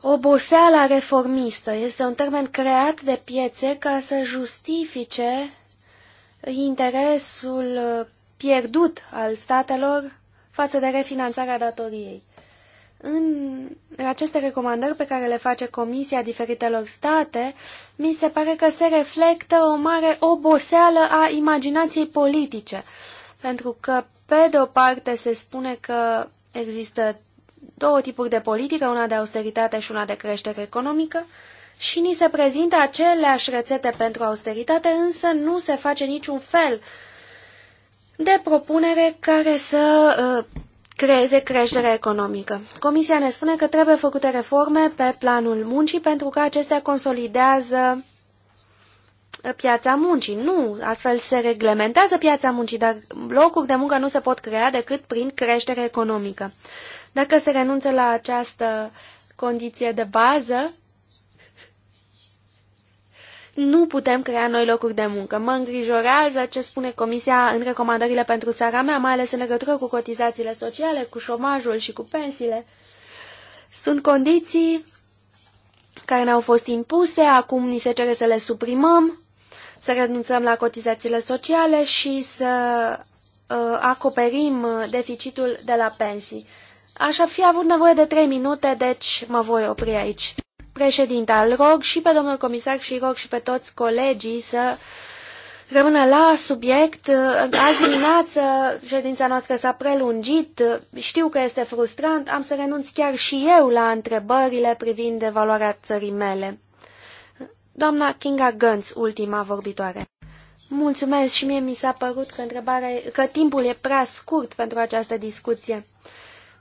oboseala reformistă. Este un termen creat de piețe ca să justifice interesul pierdut al statelor față de refinanțarea datoriei. În aceste recomandări pe care le face Comisia diferitelor state, mi se pare că se reflectă o mare oboseală a imaginației politice. Pentru că, pe de o parte, se spune că există două tipuri de politică, una de austeritate și una de creștere economică, și ni se prezintă aceleași rețete pentru austeritate, însă nu se face niciun fel de propunere care să uh, creeze creștere economică. Comisia ne spune că trebuie făcute reforme pe planul muncii pentru că acestea consolidează piața muncii. Nu, astfel se reglementează piața muncii, dar locuri de muncă nu se pot crea decât prin creștere economică. Dacă se renunță la această condiție de bază, nu putem crea noi locuri de muncă. Mă îngrijorează ce spune Comisia în recomandările pentru țara mea, mai ales în legătură cu cotizațiile sociale, cu șomajul și cu pensiile. Sunt condiții care ne-au fost impuse, acum ni se cere să le suprimăm, să renunțăm la cotizațiile sociale și să uh, acoperim deficitul de la pensii. Aș fi avut nevoie de 3 minute, deci mă voi opri aici președinte, îl rog și pe domnul comisar și rog și pe toți colegii să rămână la subiect. Azi dimineață ședința noastră s-a prelungit, știu că este frustrant, am să renunț chiar și eu la întrebările privind evaluarea țării mele. Doamna Kinga Gönz, ultima vorbitoare. Mulțumesc și mie mi s-a părut că, întrebarea, că timpul e prea scurt pentru această discuție.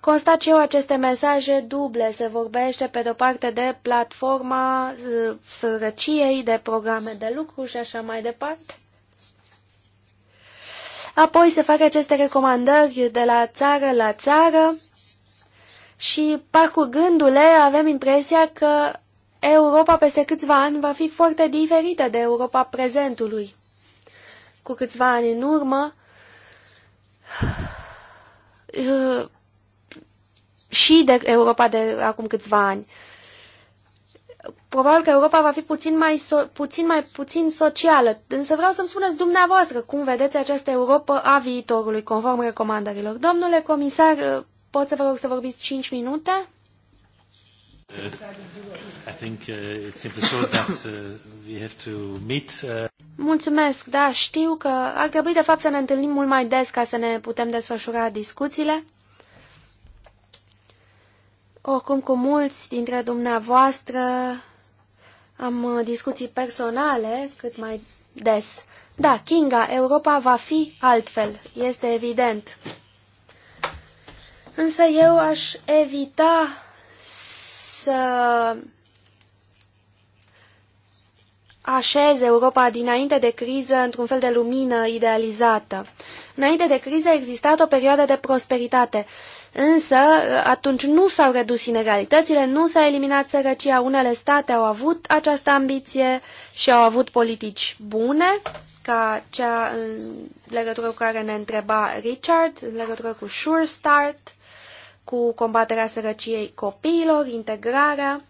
Constat și eu aceste mesaje duble. Se vorbește pe de-o parte de platforma ă, sărăciei, de programe de lucru și așa mai departe. Apoi se fac aceste recomandări de la țară la țară și parcurgându-le avem impresia că Europa peste câțiva ani va fi foarte diferită de Europa prezentului. Cu câțiva ani în urmă, ă, și de Europa de acum câțiva ani. Probabil că Europa va fi puțin mai, so puțin mai puțin socială, însă vreau să-mi spuneți dumneavoastră cum vedeți această Europa a viitorului, conform recomandărilor. Domnule comisar, pot să vă rog să vorbiți 5 minute? Uh, uh, uh, Mulțumesc, da, știu că ar trebui de fapt să ne întâlnim mult mai des ca să ne putem desfășura discuțiile. Oricum, cu mulți dintre dumneavoastră am uh, discuții personale cât mai des. Da, Kinga, Europa va fi altfel, este evident. Însă eu aș evita să așez Europa dinainte de criză într-un fel de lumină idealizată. Înainte de criză a existat o perioadă de prosperitate Însă, atunci nu s-au redus inegalitățile, nu s-a eliminat sărăcia. Unele state au avut această ambiție și au avut politici bune, ca cea în legătură cu care ne întreba Richard, în legătură cu Sure Start, cu combaterea sărăciei copiilor, integrarea.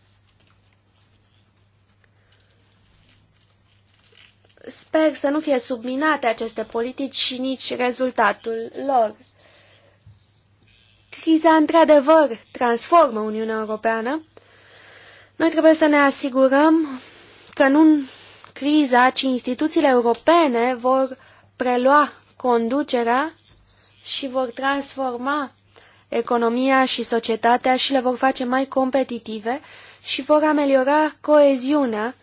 Sper să nu fie subminate aceste politici și nici rezultatul lor. Criza, într-adevăr, transformă Uniunea Europeană. Noi trebuie să ne asigurăm că nu în criza, ci instituțiile europene vor prelua conducerea și vor transforma economia și societatea și le vor face mai competitive și vor ameliora coeziunea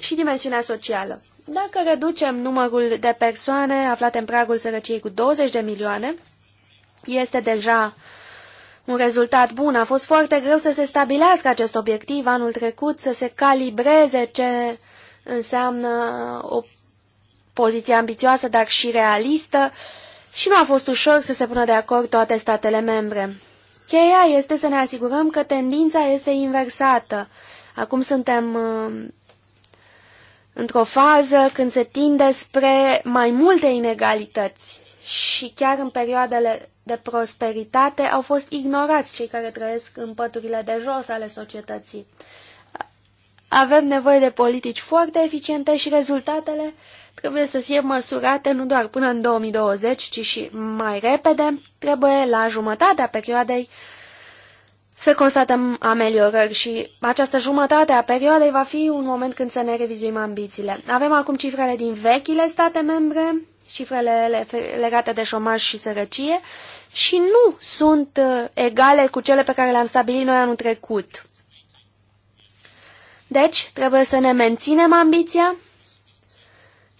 și dimensiunea socială. Dacă reducem numărul de persoane aflate în pragul sărăciei cu 20 de milioane, este deja un rezultat bun. A fost foarte greu să se stabilească acest obiectiv anul trecut, să se calibreze ce înseamnă o poziție ambițioasă, dar și realistă, și nu a fost ușor să se pună de acord toate statele membre. Cheia este să ne asigurăm că tendința este inversată. Acum suntem uh, într-o fază când se tinde spre mai multe inegalități și chiar în perioadele de prosperitate au fost ignorați cei care trăiesc în păturile de jos ale societății. Avem nevoie de politici foarte eficiente și rezultatele trebuie să fie măsurate nu doar până în 2020, ci și mai repede, trebuie la jumătatea perioadei să constatăm ameliorări și această jumătate a perioadei va fi un moment când să ne revizuim ambițiile. Avem acum cifrele din vechile state membre, cifrele legate de șomaj și sărăcie și nu sunt uh, egale cu cele pe care le-am stabilit noi anul trecut. Deci, trebuie să ne menținem ambiția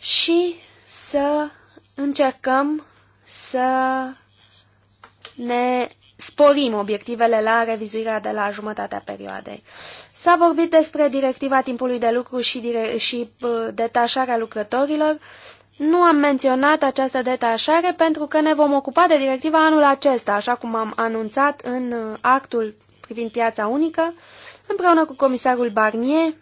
și să încercăm să ne sporim obiectivele la revizuirea de la jumătatea perioadei. S-a vorbit despre directiva timpului de lucru și, dire și uh, detașarea lucrătorilor. Nu am menționat această detașare pentru că ne vom ocupa de directiva anul acesta, așa cum am anunțat în uh, actul privind piața unică, împreună cu comisarul Barnier.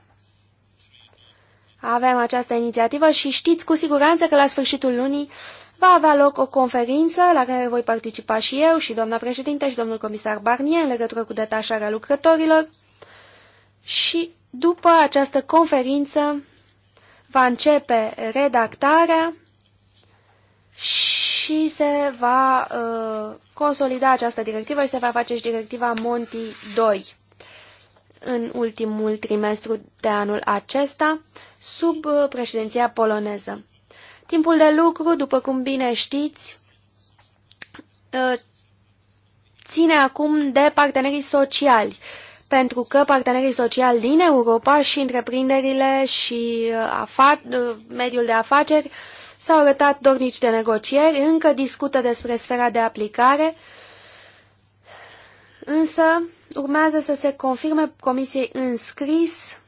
Avem această inițiativă și știți cu siguranță că la sfârșitul lunii va avea loc o conferință la care voi participa și eu și doamna președinte și domnul comisar Barnier în legătură cu detașarea lucrătorilor și după această conferință va începe redactarea și se va uh, consolida această directivă și se va face și directiva Monti 2 în ultimul trimestru de anul acesta sub uh, președinția poloneză. Timpul de lucru, după cum bine știți, ă, ține acum de partenerii sociali, pentru că partenerii sociali din Europa și întreprinderile și ă, ă, mediul de afaceri s-au arătat dornici de negocieri, încă discută despre sfera de aplicare, însă urmează să se confirme Comisiei în scris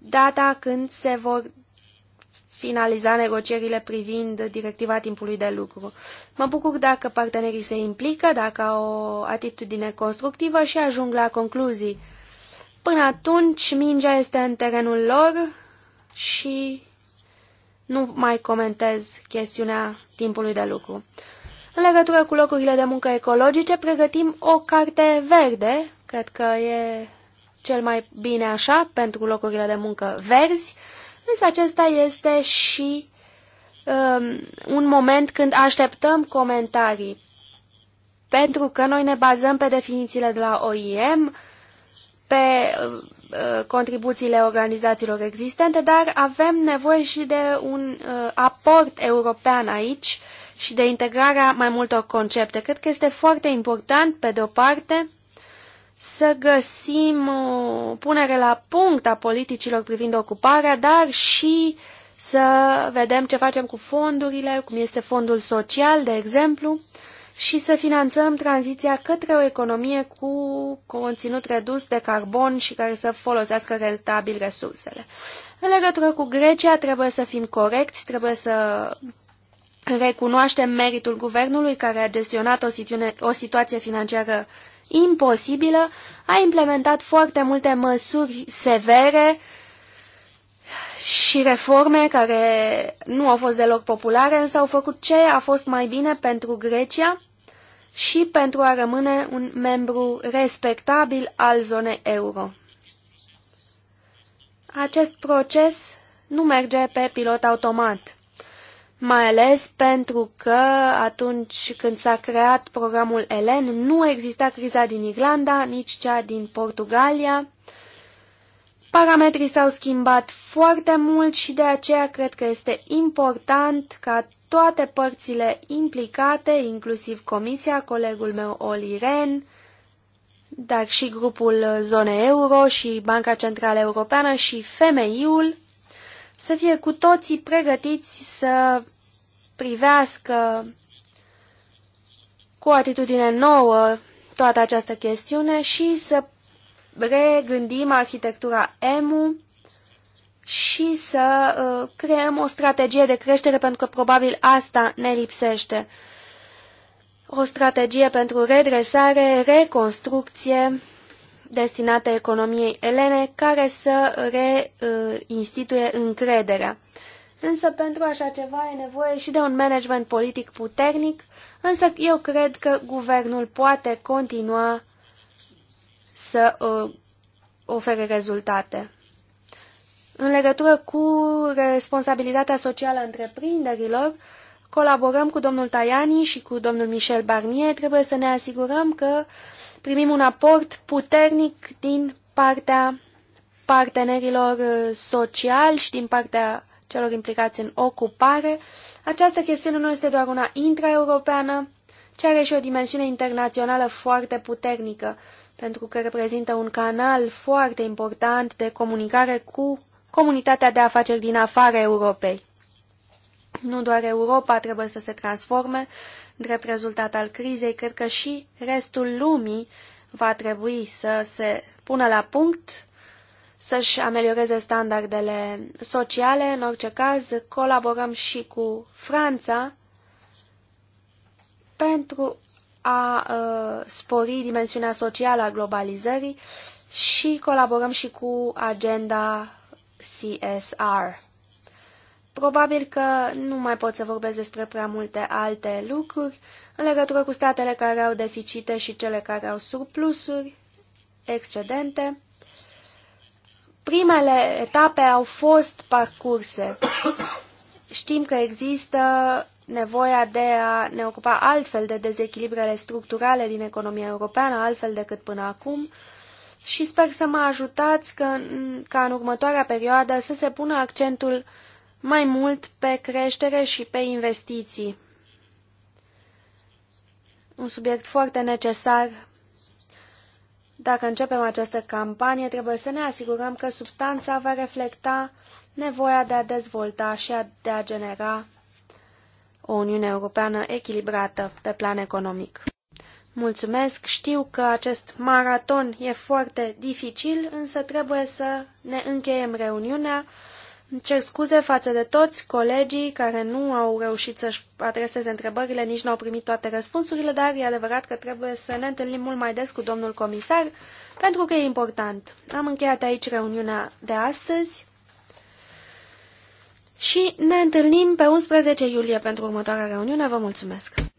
data când se vor finaliza negocierile privind directiva timpului de lucru. Mă bucur dacă partenerii se implică, dacă au o atitudine constructivă și ajung la concluzii. Până atunci, mingea este în terenul lor și nu mai comentez chestiunea timpului de lucru. În legătură cu locurile de muncă ecologice, pregătim o carte verde, cred că e cel mai bine așa, pentru locurile de muncă verzi, însă acesta este și um, un moment când așteptăm comentarii, pentru că noi ne bazăm pe definițiile de la OIM, pe uh, contribuțiile organizațiilor existente, dar avem nevoie și de un uh, aport european aici și de integrarea mai multor concepte. Cred că este foarte important, pe de o parte, să găsim uh, punere la punct a politicilor privind ocuparea, dar și să vedem ce facem cu fondurile, cum este fondul social, de exemplu, și să finanțăm tranziția către o economie cu conținut redus de carbon și care să folosească rentabil resursele. În legătură cu Grecia, trebuie să fim corecți, trebuie să Recunoaștem meritul guvernului care a gestionat o, situne, o situație financiară imposibilă, a implementat foarte multe măsuri severe și reforme care nu au fost deloc populare, însă au făcut ce a fost mai bine pentru Grecia și pentru a rămâne un membru respectabil al zonei euro. Acest proces nu merge pe pilot automat mai ales pentru că atunci când s-a creat programul ELEN nu exista criza din Irlanda, nici cea din Portugalia. Parametrii s-au schimbat foarte mult și de aceea cred că este important ca toate părțile implicate, inclusiv Comisia, colegul meu Oli Ren, dar și grupul Zone Euro și Banca Centrală Europeană și FMI-ul, să fie cu toții pregătiți să privească cu o atitudine nouă toată această chestiune și să regândim arhitectura EMU și să uh, creăm o strategie de creștere, pentru că probabil asta ne lipsește. O strategie pentru redresare, reconstrucție destinate economiei elene care să reinstituie încrederea. Însă pentru așa ceva e nevoie și de un management politic puternic, însă eu cred că guvernul poate continua să uh, ofere rezultate. În legătură cu responsabilitatea socială a întreprinderilor, colaborăm cu domnul Tajani și cu domnul Michel Barnier. Trebuie să ne asigurăm că primim un aport puternic din partea partenerilor uh, sociali și din partea celor implicați în ocupare. Această chestiune nu este doar una intraeuropeană, ci are și o dimensiune internațională foarte puternică, pentru că reprezintă un canal foarte important de comunicare cu comunitatea de afaceri din afara Europei. Nu doar Europa trebuie să se transforme, drept rezultat al crizei, cred că și restul lumii va trebui să se pună la punct, să-și amelioreze standardele sociale. În orice caz, colaborăm și cu Franța pentru a uh, spori dimensiunea socială a globalizării și colaborăm și cu agenda CSR. Probabil că nu mai pot să vorbesc despre prea multe alte lucruri în legătură cu statele care au deficite și cele care au surplusuri, excedente. Primele etape au fost parcurse. Știm că există nevoia de a ne ocupa altfel de dezechilibrele structurale din economia europeană, altfel decât până acum, și sper să mă ajutați că, ca în următoarea perioadă să se pună accentul mai mult pe creștere și pe investiții. Un subiect foarte necesar. Dacă începem această campanie, trebuie să ne asigurăm că substanța va reflecta nevoia de a dezvolta și a, de a genera o Uniune Europeană echilibrată pe plan economic. Mulțumesc, știu că acest maraton e foarte dificil, însă trebuie să ne încheiem reuniunea. Îmi cer scuze față de toți colegii care nu au reușit să-și adreseze întrebările, nici nu au primit toate răspunsurile, dar e adevărat că trebuie să ne întâlnim mult mai des cu domnul comisar, pentru că e important. Am încheiat aici reuniunea de astăzi și ne întâlnim pe 11 iulie pentru următoarea reuniune. Vă mulțumesc!